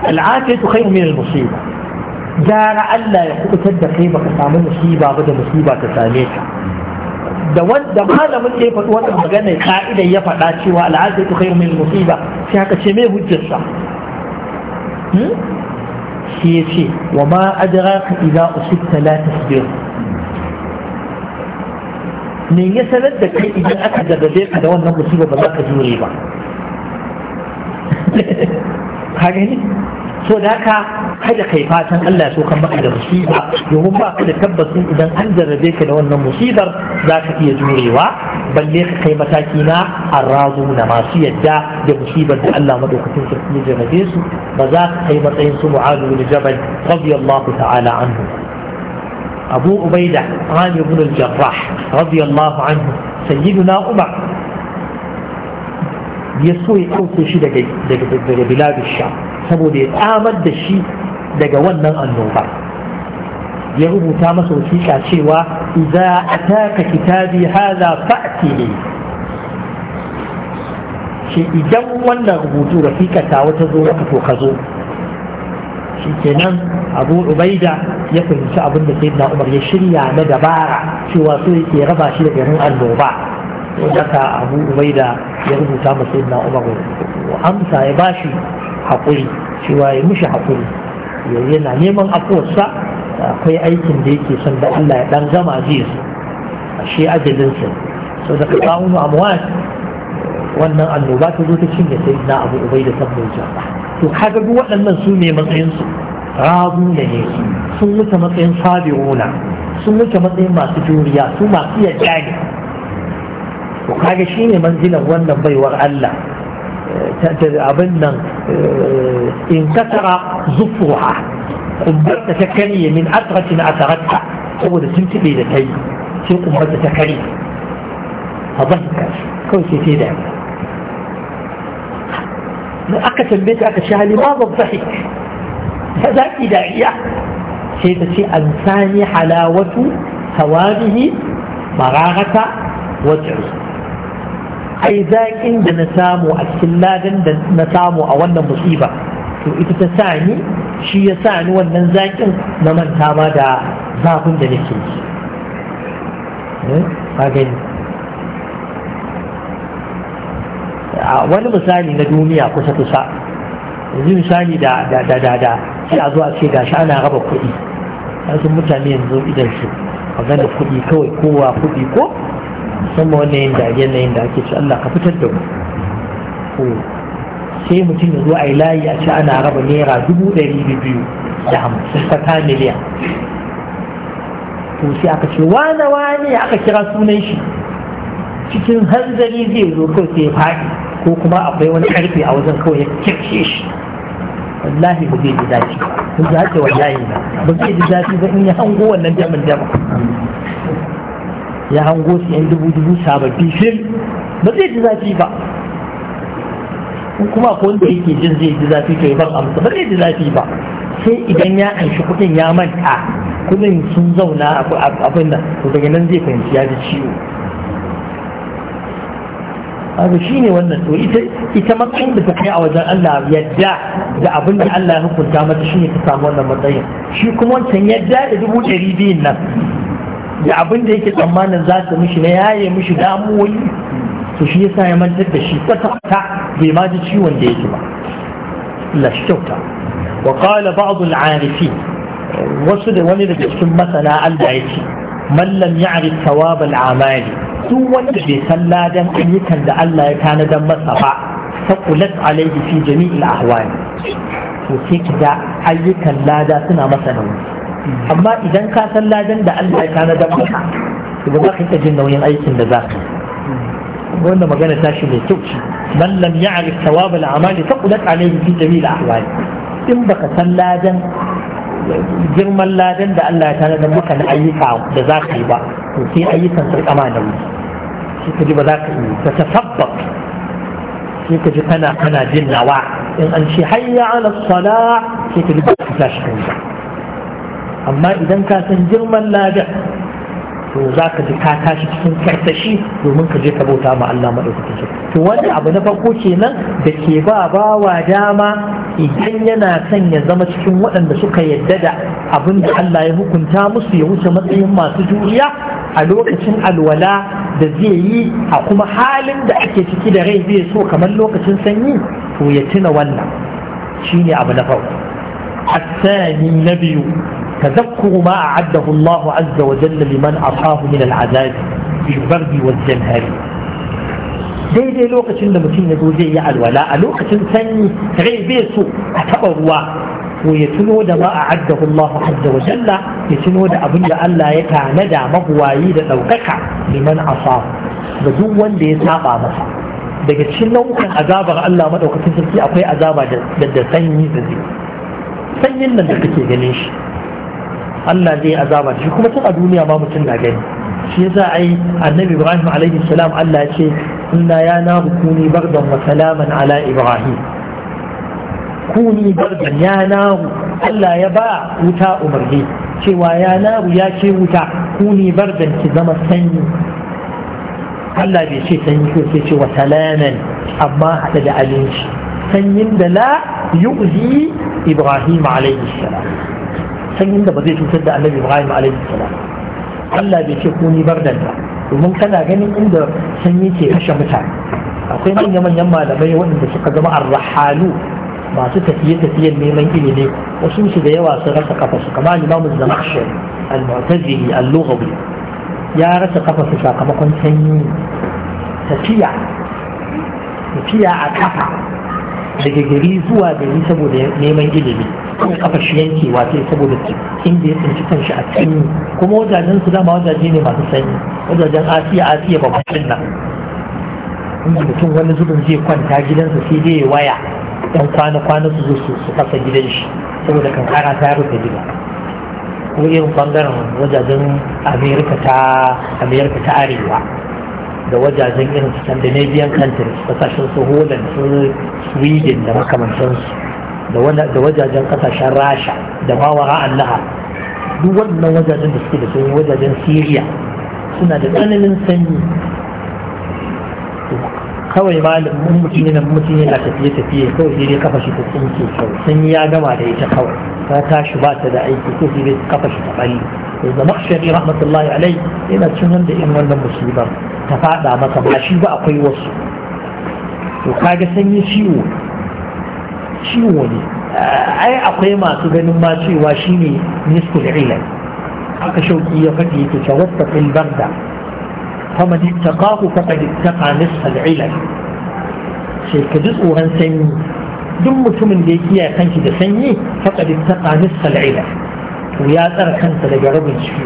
al'afiya khairu min al-musiba gara Allah ya kubutar da kai baka samu musiba ba da musiba ta same ka da wanda malamin ya faɗi wannan magana ka'ida ya faɗa cewa al'afiya khairu min al-musiba sai haka ce me hujjarsa hmm? shi ya ce wa ma ka idza usibta la tasbir me ya sanar da kai idan aka gargaɗe ka da wannan musiba ba za ka jure ba <laughs> ka gani so da haka kada kai fatan Allah so kan baka da musiba domin ba ka da tabbacin idan an jarrabe ka da wannan musibar za ka iya jurewa balle ka kai mataki na arrazu na masu yadda da musibar da Allah madaukakin sarki ya jarrabe su ba za ka kai matsayin su mu'adu bin jabal radiyallahu ta'ala anhu abu ubaida ali ibn al-jarrah radiyallahu anhu sayyiduna umar ya so ya ɗauke shi daga daga biladu sham saboda ya tsamar da shi daga wannan annoba ya rubuta masa wasiƙa cewa a taka kitabi hadha fa'ti ne shi idan wannan rubutu rafiƙa ta wata zo maka to ka zo shi kenan abu ubaida ya fahimci abin da sayyidina umar ya shirya na dabara cewa so yake raba shi da garin annoba don haka abu ubaida ya rubuta masa sayyidina umar amsa ya bashi haƙuri cewa ya mishi haƙuri yana neman afuwarsa akwai aikin da yake son da Allah ya dan gama zai su a shi ajalinsa so da ka samu amwat wannan annoba ta zo ta cinye sai na abu ubai da sabbin to kaga duk waɗannan su ne matsayinsu rabu ne ne sun wuce matsayin sabiruna sun wuce matsayin masu juriya su masu yadda ne to kaga shi ne manzilan wannan baiwar Allah eh, abin nan إيه، انكسر زفها قبرت تكني من أثرة أثرتها هو ده سمت بي ده تي سي قبرت تكني فضحك كون سي في ده أكا تنبيت أكا شاها لماذا الضحك هذا إداعية سيدة سي أنساني حلاوة ثوابه مراغة وجعه ai zaƙin da na samu a cikin ladan da na samu a wannan musiba to ita ta sa ni shi ya sa ni wannan zaƙin na manta ma da zafin da nake yi eh, ka gani wani misali na duniya kusa kusa yanzu misali da da da da da sai a zo a ce gashi ana raba kuɗi sun mutane yanzu idan su magana kuɗi kawai kowa kuɗi ko musamman wannan yin dariyar na yin da ake ci Allah ka fitar da mu sai mutum ya zo a yi layi a ce ana raba naira dubu ɗari biyu da hamsin fata miliyan to sai aka ce wane wane aka kira sunan shi cikin hanzari zai zo kawai sai ya faɗi ko kuma akwai wani karfe a wajen kawai ya kirce shi wallahi ba zai ji daɗi ba ba zai ji daɗi ba in ya hango wannan jamin jamin ya hango su yan dubu dubu sababbi fil ba zai ji zafi ba kuma ko wanda yake jin zai ji zafi to ban amsa ba zai ji zafi ba sai idan ya aishi kuɗin ya manta kuɗin sun zauna abin da to daga nan zai fahimci ya ji ciwo abu shi ne wannan to ita matsayin da ta kai a wajen Allah yadda da abin da Allah ya hukunta mata shi ne ta samu wannan matsayin shi kuma wancan yadda da dubu ɗari biyun nan da abin da yake tsammanin za ta mishi na yaye mishi damuwoyi to shi yasa ya mantar da shi kwata-kwata bai ma ji ciwon da yake ba Allah shi kyauta wa qala ba'd al wasu da wani daga cikin masana Allah ya ce man lam ya'rif thawab al-amali duk wanda bai san ladan ayyukan da Allah ya tanadan masa ba faqulat alayhi fi jami'il ahwali to sai kida ayyukan lada suna masa nauyi amma idan ka san ladan da Allah ya kana dan maka to ba ka ta jin nauyin aikin da za ka wanda magana ta shi mai kyau ce man lam ya'rif thawab al-amali taqulat alayhi fi jami' al-ahwal in baka san ladan girman ladan da Allah ya kana dan maka na ayyuka da za ka yi ba to sai ayyukan sai kama da wuri sai ka ji ba za ka yi ta tasabbab sai ka ji kana kana jin nawa in an ce hayya ala salah sai ka ji ba ka tashi kan amma idan ka san girman lada, to za ka ji ka tashi cikin karsashi domin ka je ka bauta ma Allah maɗaukaki to wani abu na farko kenan da ke ba bawa dama idan yana son ya zama cikin waɗanda suka yadda da abin da Allah ya hukunta musu ya wuce matsayin masu juriya a lokacin alwala da zai yi a kuma halin da ake ciki da rai zai so kamar lokacin sanyi to ya tuna wannan shine abu na farko الثاني نبي تذكر ما أعده الله عز وجل لمن أعطاه من العذاب في البرد والزمهر زي زي لوقة شنة مكينة زي يعلو لا لوقة شنة ثاني غير بيسو أتبروا ويتنو دا ما أعده الله عز وجل يتنو دا أبن يا ألا يكا ندا مغوائي دا لوقك لمن أعطاه بدون دي ساقا مصا daga cikin nau'ukan azabar Allah madaukakin sarki akwai azaba da da sanyi da zai sanyin nan Allah zai azaba shi kuma tun a duniya ma mutum na gani shi yasa ai annabi Ibrahim alaihi salam Allah ya ce inna ya na kuni bardan wa salaman ala Ibrahim kuni bardan ya na Allah ya ba wuta umarni cewa ya na ya ce wuta kuni bardan ki zama sanyi Allah bai ce sanyi ko sai ce wa salaman amma hada da abinci sanyin da la yu'zi Ibrahim alaihi salam san inda ba zai cutar da annabi ibrahim alaihi salam Allah bai ce kuni bardan ba domin kana ganin inda sanyi ke kashe mutane akwai manya manyan malamai waɗanda suka zama arrahalu masu tafiye-tafiyen neman ilimi wasu su da yawa sun rasa kafa su kama limamun zamakshir al-mu'tazili al-lughawi ya rasa kafa su sakamakon sanyi tafiya tafiya a kafa daga gari zuwa gari saboda neman ilimi kuma kafa shi yankewa sai saboda inda ya tsinci kanshi a yi. kuma wajajen su dama wajaje ne masu sanyi wajajen asiya asiya babban nan inda mutum wani zubin zai kwanta gidansa sai dai ya waya yan kwana-kwana su zo su fasa gidan shi saboda kankara ta rufe gida ko irin bangaren wajajen amerika ta amerika ta arewa da wajajen irin scandinavian countries kasashen su holland su sweden da makamantansu da wajajen kasashen rasha da mawara allaha duk wannan wajajen da suke da sanyi wajajen siriya suna da tsananin sanyi kawai malamin mutum ne mutum yana tafiye tafiye kawai sai dai kafa shi ta tsinke kawai sanyi ya gama da ita kawai ta tashi ba ta da aiki ko sai dai kafa shi ta bari da zama rahmatullahi alai yana cin wanda in wannan musibar ta fada masa ba shi ba akwai wasu to kaga sanyi ciwo ciwo ne ai akwai masu ganin ma cewa shine nisful ilal haka shauki ya faɗi yake cewa wattaqil barda faman ittaqahu faqad ittaqa nisfal ilal sai ka ji tsoron sanyi duk mutumin da ya kiyaye kanki da sanyi faqad ittaqa nisfal ilal to ya tsara kansa daga rabin ciwo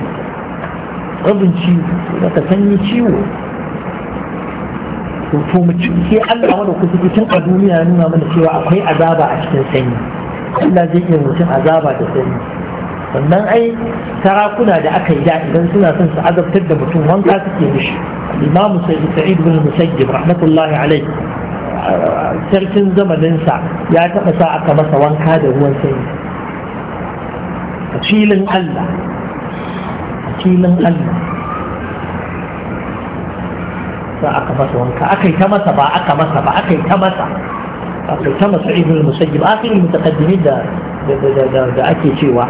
rabin ciwo daga sanyi ciwo to mu sai Allah mana ku cikin a duniya ya nuna mana cewa akwai azaba a cikin sanyi Allah zai iya mutum azaba da sanyi sannan ai sarakuna da aka yi da idan suna son su azabtar da mutum wanka suke mishi imamu sa'id bin musayyib rahmatullahi alaihi sarkin zamaninsa ya taɓa sa aka masa wanka da ruwan sanyi a filin Allah a filin Allah sa aka masa wanka aka yi ta masa ba aka masa ba aka yi ta masa aka yi ta masa ibn musayyib akhirin mutaqaddimin da da ake cewa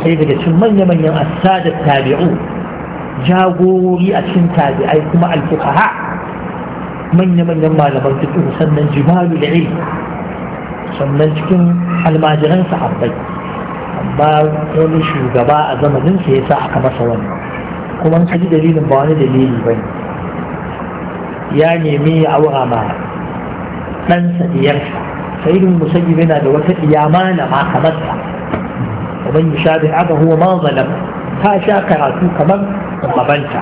sai daga cikin manya-manyan asadat tabi'u jagori a cikin tabi'ai kuma alfuqaha manya-manyan malaman fiqh sannan jibalul ilm sannan cikin almajiran sahabbai amma wani shugaba a zamanin sa yasa aka masa wannan kuma an kaji dalilin ba wani dalili bane ya nemi ya aura ma ɗansa diyarsa sa'idun musayyib yana da wata diya malama kuma sa ومن يشابه أبه ما ظلم ta sha karatu kamar babanta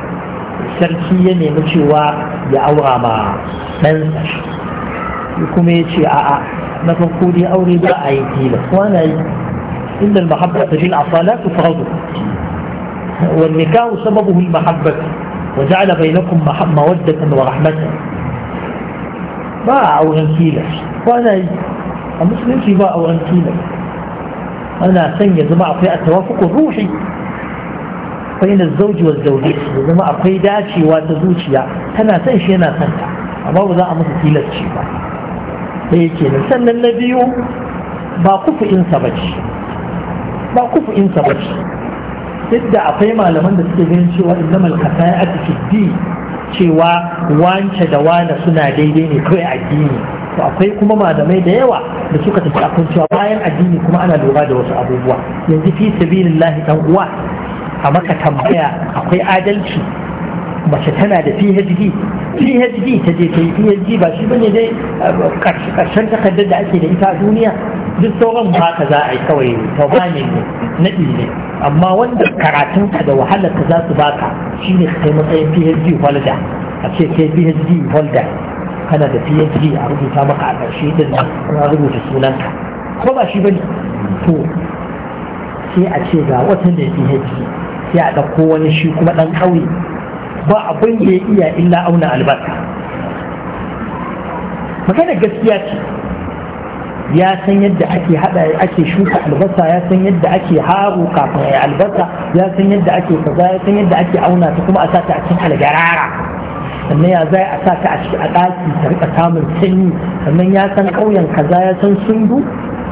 sarki ya nemi cewa ya aura ma ɗansa kuma ya ce a'a na farko dai aure ba a yi kuma na yi inda al-mahabba ta shi al-asala tu faradu wal nikahu sababuhu al-mahabba وجعل بينكم مودة ورحمة ba a auren tilas ko ana yi a musulunci ba auren tilas ana son ya zama akwai a tawafukun ruhi akwai na zauji wa zaune ya zama akwai dacewa ta zuciya tana son shi yana son amma ba za a musu tilas ce ba sannan na biyu ba kufu'insa ba ba ba duk da akwai malaman da suke ganin cewa innamal ya fi cewa wance da wane suna daidai ne kawai addini to akwai kuma malamai da yawa da suka tafi akan cewa bayan addini kuma ana lura da wasu abubuwa yanzu fi sabilillahi dan uwa a maka tambaya akwai adalci mace tana da PhD PhD ta je ta yi PhD ba shi bane dai karshen takardar da ake da ita a duniya duk sauran ba ka za a yi kawai taubani ne na ne amma wanda karatunka da wahalar ka za su baka shi ne kai matsayin phd holder a ce kai phd holder kana da phd a rubuta maka a ƙarshe din na rubuta sunanka ko ba shi bane to sai a ce ga wata ne phd sai a ɗauko wani shi kuma ɗan ƙauye ba abin da ya iya illa auna albarka magana gaskiya ce ya san yadda ake hada ake shuka albasa ya san yadda ake haru kafin ya albasa ya san yadda ake kaza ya san yadda ake auna ta kuma a sata a cikin algarara sannan ya zai a sata a cikin ɗaki ta rika samun sanyi sannan ya san ƙauyen kaza ya san sundu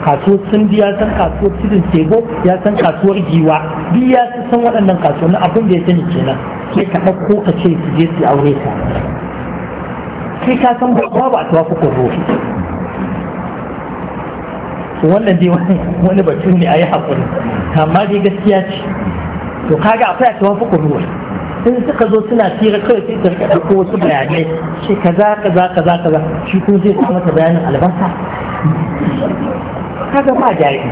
kasuwar sundu ya san kasuwar cikin tebo ya san kasuwar giwa duk ya san waɗannan na abin da ya sani kenan sai ka ɗauko ka ce su je su aure ta sai ka san babu a kuka ruhi to wannan dai wani batu ne a yi haƙuri amma dai gaskiya ce to kaga akwai a tawafi kuruwa in suka zo suna tsira kawai sai ta rika ɗauko wasu bayanai shi kaza kaza kaza kaza shi kuma zai sa mata bayanin albasa kaga ba daɗi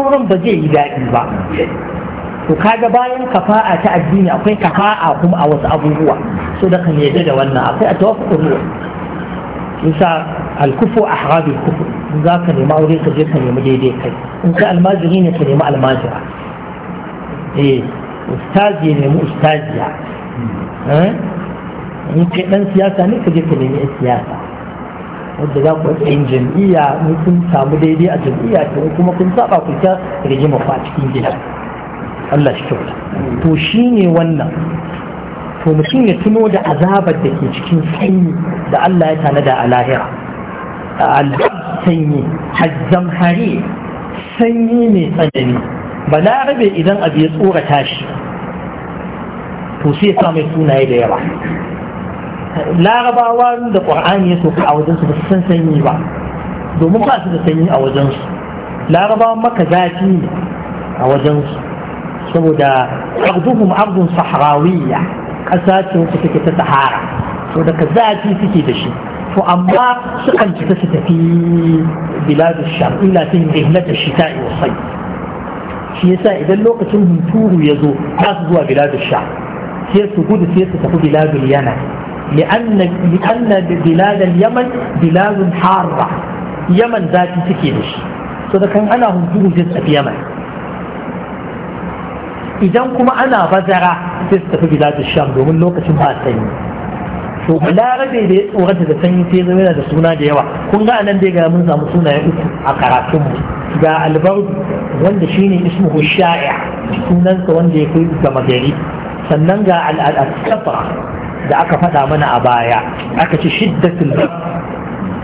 auren ba zai yi daɗi ba to kaga bayan kafa'a ta addini akwai kafa'a kuma a wasu abubuwa so da kan yadda da wannan akwai a tawafi kuruwa yasa alkufu a harabi kufu in za ka nemi aure ka je ka nemi daidai kai in ka almajiri ne ka nemi almajira eh ustazi ne nemi ustaziya eh, in kai dan siyasa ne ka je ka nemi yan siyasa Wanda za ku yin jam'iyya in kun samu daidai a jam'iyya to kuma kun saba ku ta rigima ku a cikin gida Allah shi kyauta to shi ne wannan to mutum ya tuno da azabar da ke cikin sanyi da Allah ya tanada a lahira sanyi hari sanyi mai tsanani balarabe idan abu ya tsorata shi to sai ya mai sunaye da yawa larabawa da ƙwar'ani ya soka a wajensu ba su san sanyi ba domin ba su da sanyi a wajensu larabawa maka zafi ne a wajensu saboda arduhum ardun sahrawiyya ƙasa ce wacce take ta sahara saboda ka zafi suke da shi يعرفوا أما سكن جثثة في بلاد الشام إلا في مدى الشتاء والصيف في يساء إذا اللوقة تنهم توه يزو ناس بلاد الشام في سقود في سقود بلاد اليمن لأن لأن بلاد اليمن بلاد حارة يمن ذات سكينش فإذا كان أنا هم توه جثة في يمن إذا كما أنا بزرع جثة بلاد الشام دوم اللوقة تنهى سيني to balarabe da ya tsorata da sanyi sai zama yana da suna da yawa kun ga anan dai ga mun samu sunayen uku a karatun mu ga albardu wanda shine ismuhu sha'i sunansa wanda ya kai gama gari sannan ga al'asafra da aka faɗa mana a baya aka ci shiddatul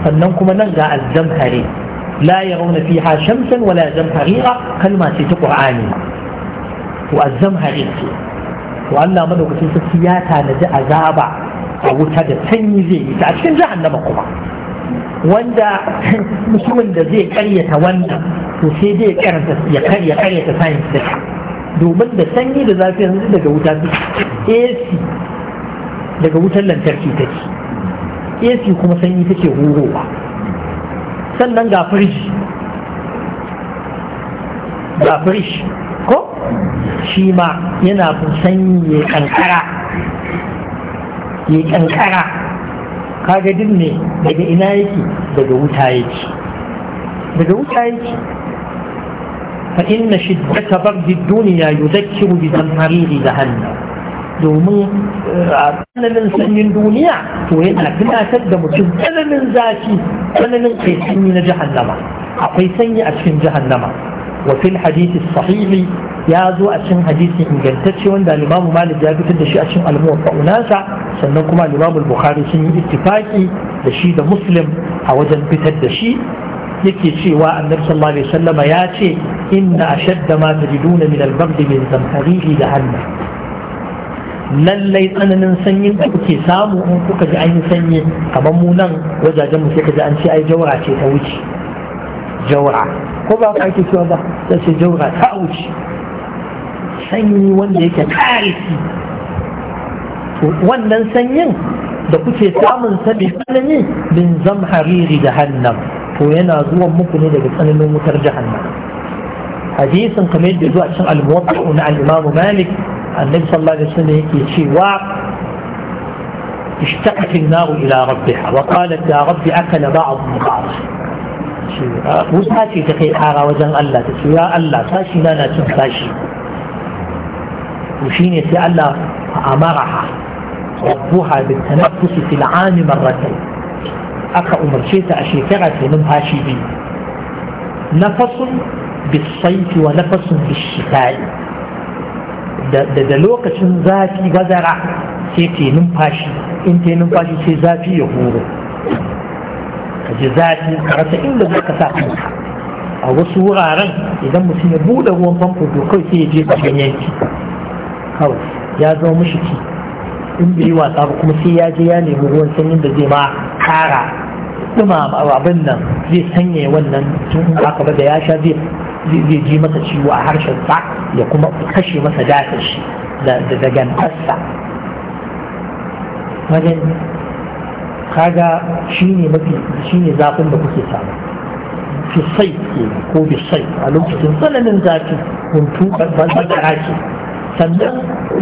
sannan kuma nan ga azzamhari la yarawna fiha shamsan wala zamharira kalma ce ta qur'ani to azzamhari ce Wa Allah madaukakin sarki ya tanaji azaba a wuta da sanyi zai yi ta a cikin jahannama kuma wanda <laughs> mutumin da zai karyata wannan to sai zai karyata ya karya karyata science ta, domin da sanyi da zafi yanzu daga wuta su AC daga wutar lantarki take AC kuma sanyi take hurowa sannan ga firiji ga firiji ko shi ma yana sanyi kankara mai kankara kaga duk ne daga ina yake daga wuta yake daga wuta yake fa inna shiddata bardi duniya yuzakkiru bi zamhariri jahannam domin eh, a tsananin sanyin duniya to yana tunatar da mutum tsananin zafi tsananin kai sanyi na jahannama akwai sanyi a cikin jahannama wa fil hadith sahihi ya zo a cikin hadisin ingantacce wanda al-Imam ya fitar da shi a cin al-Muwatta unasa sannan kuma al Bukhari sun yi ittifaki da shi da Muslim a wajen fitar da shi yake cewa annabi sallallahu alaihi wasallam ya ce inna ashadda ma tajiduna min al mai min da jahannam lallai tsananin sanyin da kuke samu in kuka ji an yi sanyi kamar mu nan wajajen mu sai ka ji ce ai jawara ce ta wuce jaura ko ba ka ake cewa ba ta ce jaura ta wuce sanyi wanda yake kariki wannan sanyin da kuke samun sabi tsanani bin zam hariri jahannam to yana zuwan muku ne daga tsananin wutar jahannam hadisin kamar yadda zuwa cikin al-muwatta na al-imamu malik annabi sallallahu alaihi wasallam yake cewa اشتقت النار الى ربها وقالت يا رب اكل بعض بعض ce wuta ce ta kai ƙara wajen Allah ta ce ya Allah sashi na na cin sashi to shine sai Allah amaraha rabbuha bi tanaffus fil aam marratayn aka umarce ta a shekara ta numfashi biyu nafasun bisaifi wa nafasun bishitai da da lokacin zafi bazara sai ta numfashi in ta numfashi sai zafi ya horo ji zafi ka rasa inda za ka sa kanka a wasu wuraren idan mutum ya buɗe ruwan famfo to kawai sai ya je ka ganyenki kawai ya zama mushiki in bai yi wasa ba kuma sai ya je ya nemi ruwan sanyin da zai ma kara dumama abin nan zai sanya wannan tun aka ba da ya sha zai ji masa ciwo a harshen sa ya kuma kashe masa datar shi da gantarsa wajen kaga shine mafi shine zafin da kuke samu fi sai ke ko bi sai a lokacin tsananin zafi huntu bazara ce sannan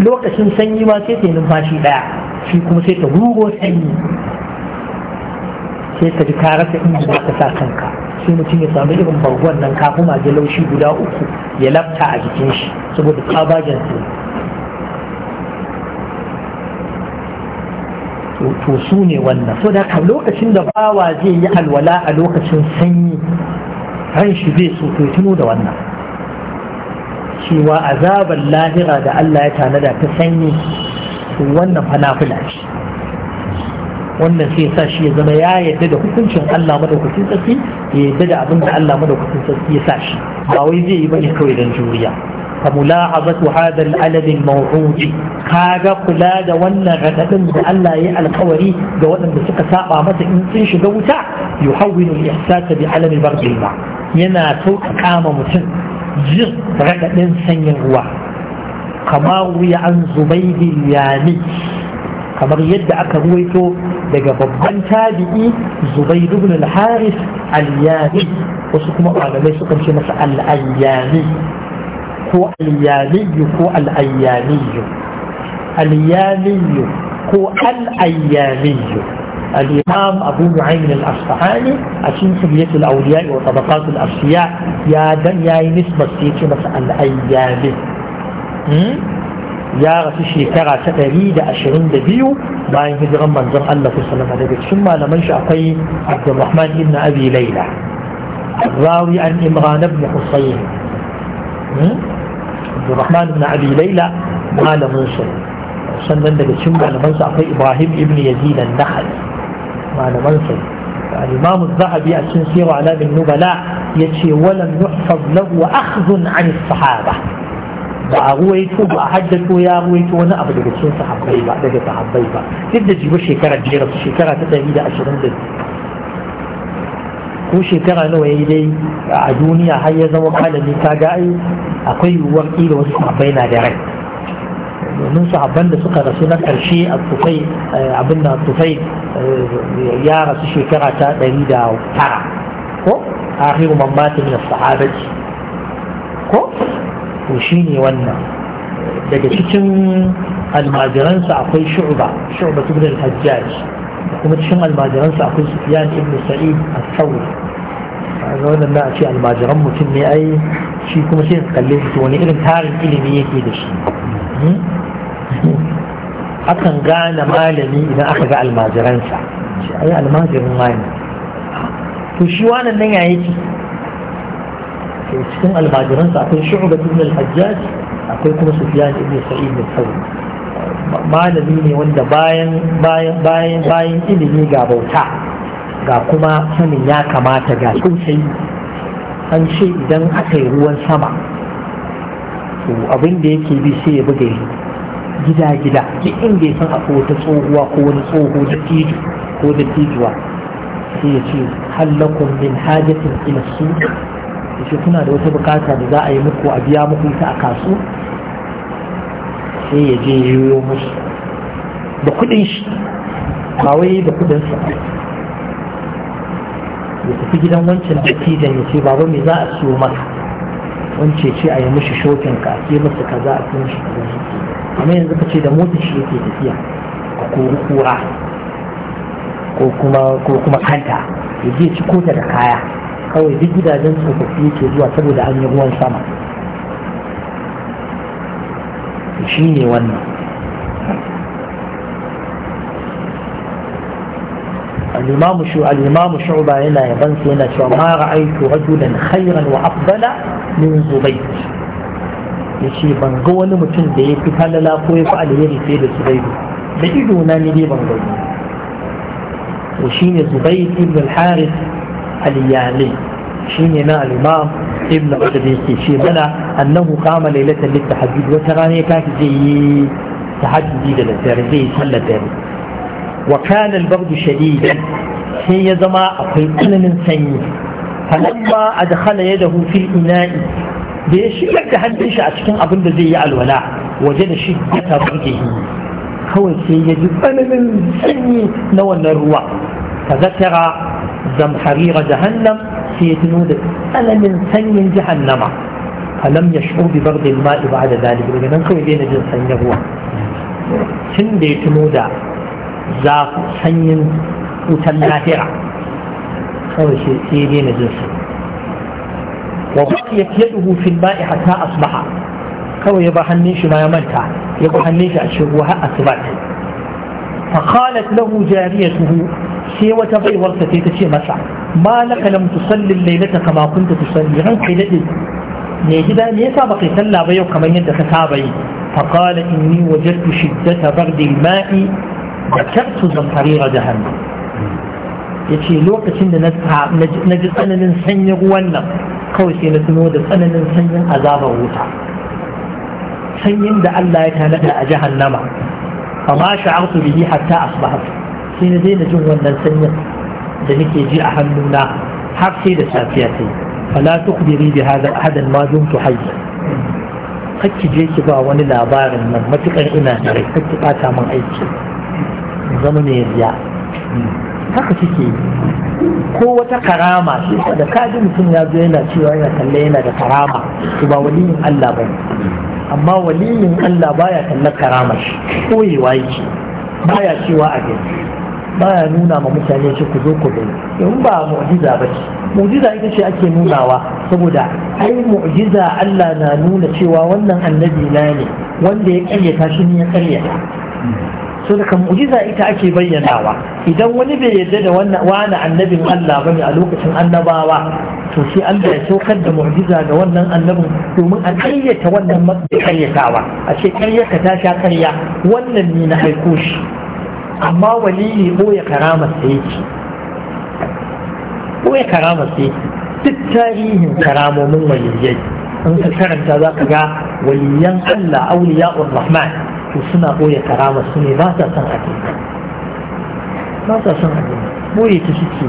lokacin sanyi ma sai ta yi numfashi daya shi kuma sai ta rugo sanyi sai ka ji ka rasa inda za ka sa kanka sai mutum ya samu irin bargon nan kafin laushi guda uku ya lafta a jikin shi saboda tsabagen sai to su ne wannan so da lokacin da bawa zai yi alwala a lokacin sanyi ran shi zai so to tuno da wannan cewa azabar lahira da Allah ya tanada ta sanyi to wannan Fanafula ce wannan sai sa shi ya zama ya yadda da hukuncin Allah madaukakin sarki ya yadda da abin da Allah madaukakin sarki ya sa shi ba wai zai yi bane kawai don juriya فملاحظة هذا الألم الموعود كاغا كلا دا وانا غتدن دا الله يا القوري دا وانا دا سكا ساقا متى انسنش دوتا يحول الإحساس بألم برد الماء ينا سوك كام متن جر غتدن سنين هو كما روي عن زبيد اليامي kamar yadda aka ruwaito daga babban tabi'i zubairu ibn al-haris al-yami wasu kuma malamai suka ce masa al-ayyami كو اليالي كو الايامي اليالي كو الايامي الامام ابو نعيم الاصفهاني اشين سميه الاولياء وطبقات الاشياء يا دنيا يا نسبه سيتي مثلا الايامي يا غسي شي كرا تقريد اشرين دبيو باين في جرم منظر الله صلى الله عليه وسلم على من شافي عبد الرحمن ابن ابي ليلى الراوي عن امران بن حصين Abdurrahman ibn Abi Laila malamin su sannan daga cikin malaman su akwai Ibrahim ibn Yazid an-Nahl malaman su al-Imam az-Zahabi a cikin Sirru Alamin Nubala yace walam yuhfaz lahu akhdhun an as-sahaba ba a ruwaito ba a haddato ya ruwaito wani abu daga cikin sahabbai ba daga sahabbai ba duk da jibi shekara jera shekara ta 120 ko shekara nawa ya yi dai a duniya har ya zama malami ta ga ai akwai yiwuwar ƙila wasu sahabbai na da rai domin sahabban da suka rasu na ƙarshe a tufai eh, abin da tufai eh, ya rasu shekara ta ɗari da tara ko a man mata na sahabati ko to ne wannan daga cikin almajiransa akwai shu'ba shu'ba ibn al kuma cikin almajiransa akwai sufiyan ibn sa'id al-thawr ga wannan da a ce almajiran mutum ne ai shi kuma sai ka kalle shi wani irin tarin ilimi yake da shi hmm? akan gane malami idan aka ga almajiransa shi ai almajirin wani to shi wannan nan ya yake cikin almajiransa akwai shu'bat ibn al-hajjaj akwai kuma sufiyan ibn sa'id al-thawr malami ne wanda bayan bayan bayan bayan ilimi ga bauta ga kuma sanin ya kamata ga sosai an ce idan aka yi ruwan sama to abin da yake bi sai ya buga gida gida duk inda ya san akwai wata tsohuwa ko wani tsoho da tijo ko da tijuwa sai ya ce hallakun min hajatin ila su ya ce kuna da wata bukata da za a yi muku a biya muku ta a kasu sai ya je yi musu da kudin shi kawai da kudin sa ya tafi gidan wancan da tijan ya ce babu me za a siyo maka wance ce a yi mishi shokin ka masu masa za a siyo mishi kaza amma yanzu ka ce da mota shi yake tafiya a kori kura ko kuma kanta ya je ci kota da kaya kawai duk gidajen tsofaffi yake zuwa saboda an yi ruwan sama shi ne الإمام شو الإمام شعبة هنا يبنس هنا شو ما رأيت رجلا خيرا وأفضل من زبيد يشي بنقو نمتن دي كفال لا قوي فعل يري سيد زبيد بإذو ناني دي بنقو وشين زبيد ابن الحارث اليالي شين هنا الإمام ابن أتبيسي في بنا أنه قام ليلة للتحديد وتراني كانت زي تحديد جديد للتاري زي يعني وكان البرد شديدا في زماء في كل من سنة فلما أدخل يده في الإناء بيشيك تحديد إيش أشكين أبن بزي الولاء وجد شدة برده هو سيد أنا من سنة نوى النروع فذكر زمحرير جهنم في يتنود أنا من سني جهنم فلم يشعر ببرد الماء بعد ذلك لأن أنك يدين جن سني هو سن دي تنود زاق سني وتناتر فهو سيدين جن سني وبقيت يده في الماء حتى أصبح كو يبا حنيش ما يملك يبا حنيش أشوها أصبح فقالت له جاريته سيوة غير ورثة تشي مسعر ما لك لم تصلي الليلة كما كنت تصلي عن قلده نيجي ده ليه صلى بيه كما يندك سابعي فقال إني وجدت شدة برد الماء ذكرت زمحرير جهنم يتشي لوقت شند نجد أنا ننسن يغوانا كوسي نتنود أنا ننسن أزاب غوطا سنين ده ألا يتنجى أجهنم فما شعرت به حتى أصبحت سنين دين جهنم ننسن da nake ji a hannuna har sai da safiya ta yi fala tukbiri bi hada ahadan ma dumtu hayya kakki je ki ba wani labarin nan matukar ina da rai kakki bata min aiki zama mai riya haka kike yi ko wata karama shi da kaji mutum ya zo yana cewa yana kalle yana da karama to ba waliyin Allah bane amma waliyin Allah baya kalle karama shi koyewa yake baya cewa a gani baya nuna ma mutane shi ku zo ku in ba mu'jiza ba ce mu'jiza ita ce ake nunawa saboda ai mu'jiza Allah na nuna cewa wannan annabi na ne wanda ya karyata shi ne ya karyata so daga mu'jiza ita ake bayyanawa idan wani bai yarda da wannan wani annabin Allah bane a lokacin annabawa to sai Allah ya saukar da mu'jiza ga wannan annabin domin a karyata wannan karyatawa a ce karyata ta sha karya wannan ne na haiko shi amma walili ɓoye karamar sa yake ɓoye karamar sa yake duk tarihin karamomin waliyai in ka karanta za ka ga waliyan Allah auliya rahman to suna ɓoye karamar su ne ba sa son a ba sa son a ɓoye ta suke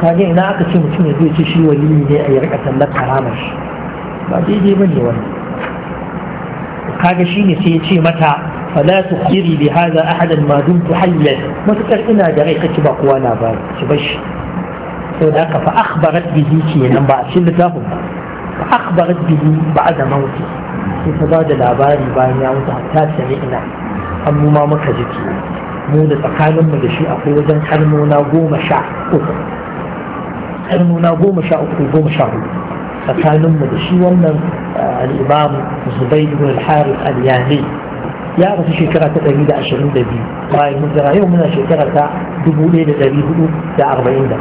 kage ina aka ce mutum ya zo ce shi waliyi ne a yarka sallar karamar shi ba daidai ba ne wani Ka ga shi ne sai ya ce mata فلا تخبري بهذا أحدا ما دمت حيا ما تكرئنا دريقك بقوانا بار شبش فذاك فأخبرت به كينا بعد شلتهم فأخبرت به بعد موته فبعد الأباري بان يعود حتى سمعنا أم ما مكزكي مو da tsakaninmu da shi akwai wajen karnona goma sha uku karnona goma sha uku goma sha hudu tsakaninmu da shi wannan al'imam zubai ibn al يا رسول شكرا تتبي دا عشرين دا بي طيب، راي مزرع يوم من شكرا تا دبولي دا بي هدو دا أربعين دا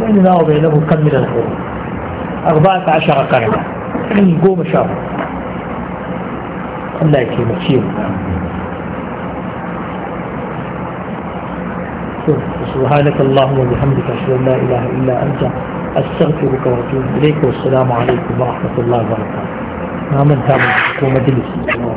لأن ناو بينه كم من الحور أربعة عشر قرن من يعني قوم شاب الله يكي مكشير سبحانك اللهم وبحمدك أشهد أن لا إله إلا أنت أستغفرك وأتوب إليك والسلام عليكم ورحمة الله وبركاته آمنت أمنت ومجلس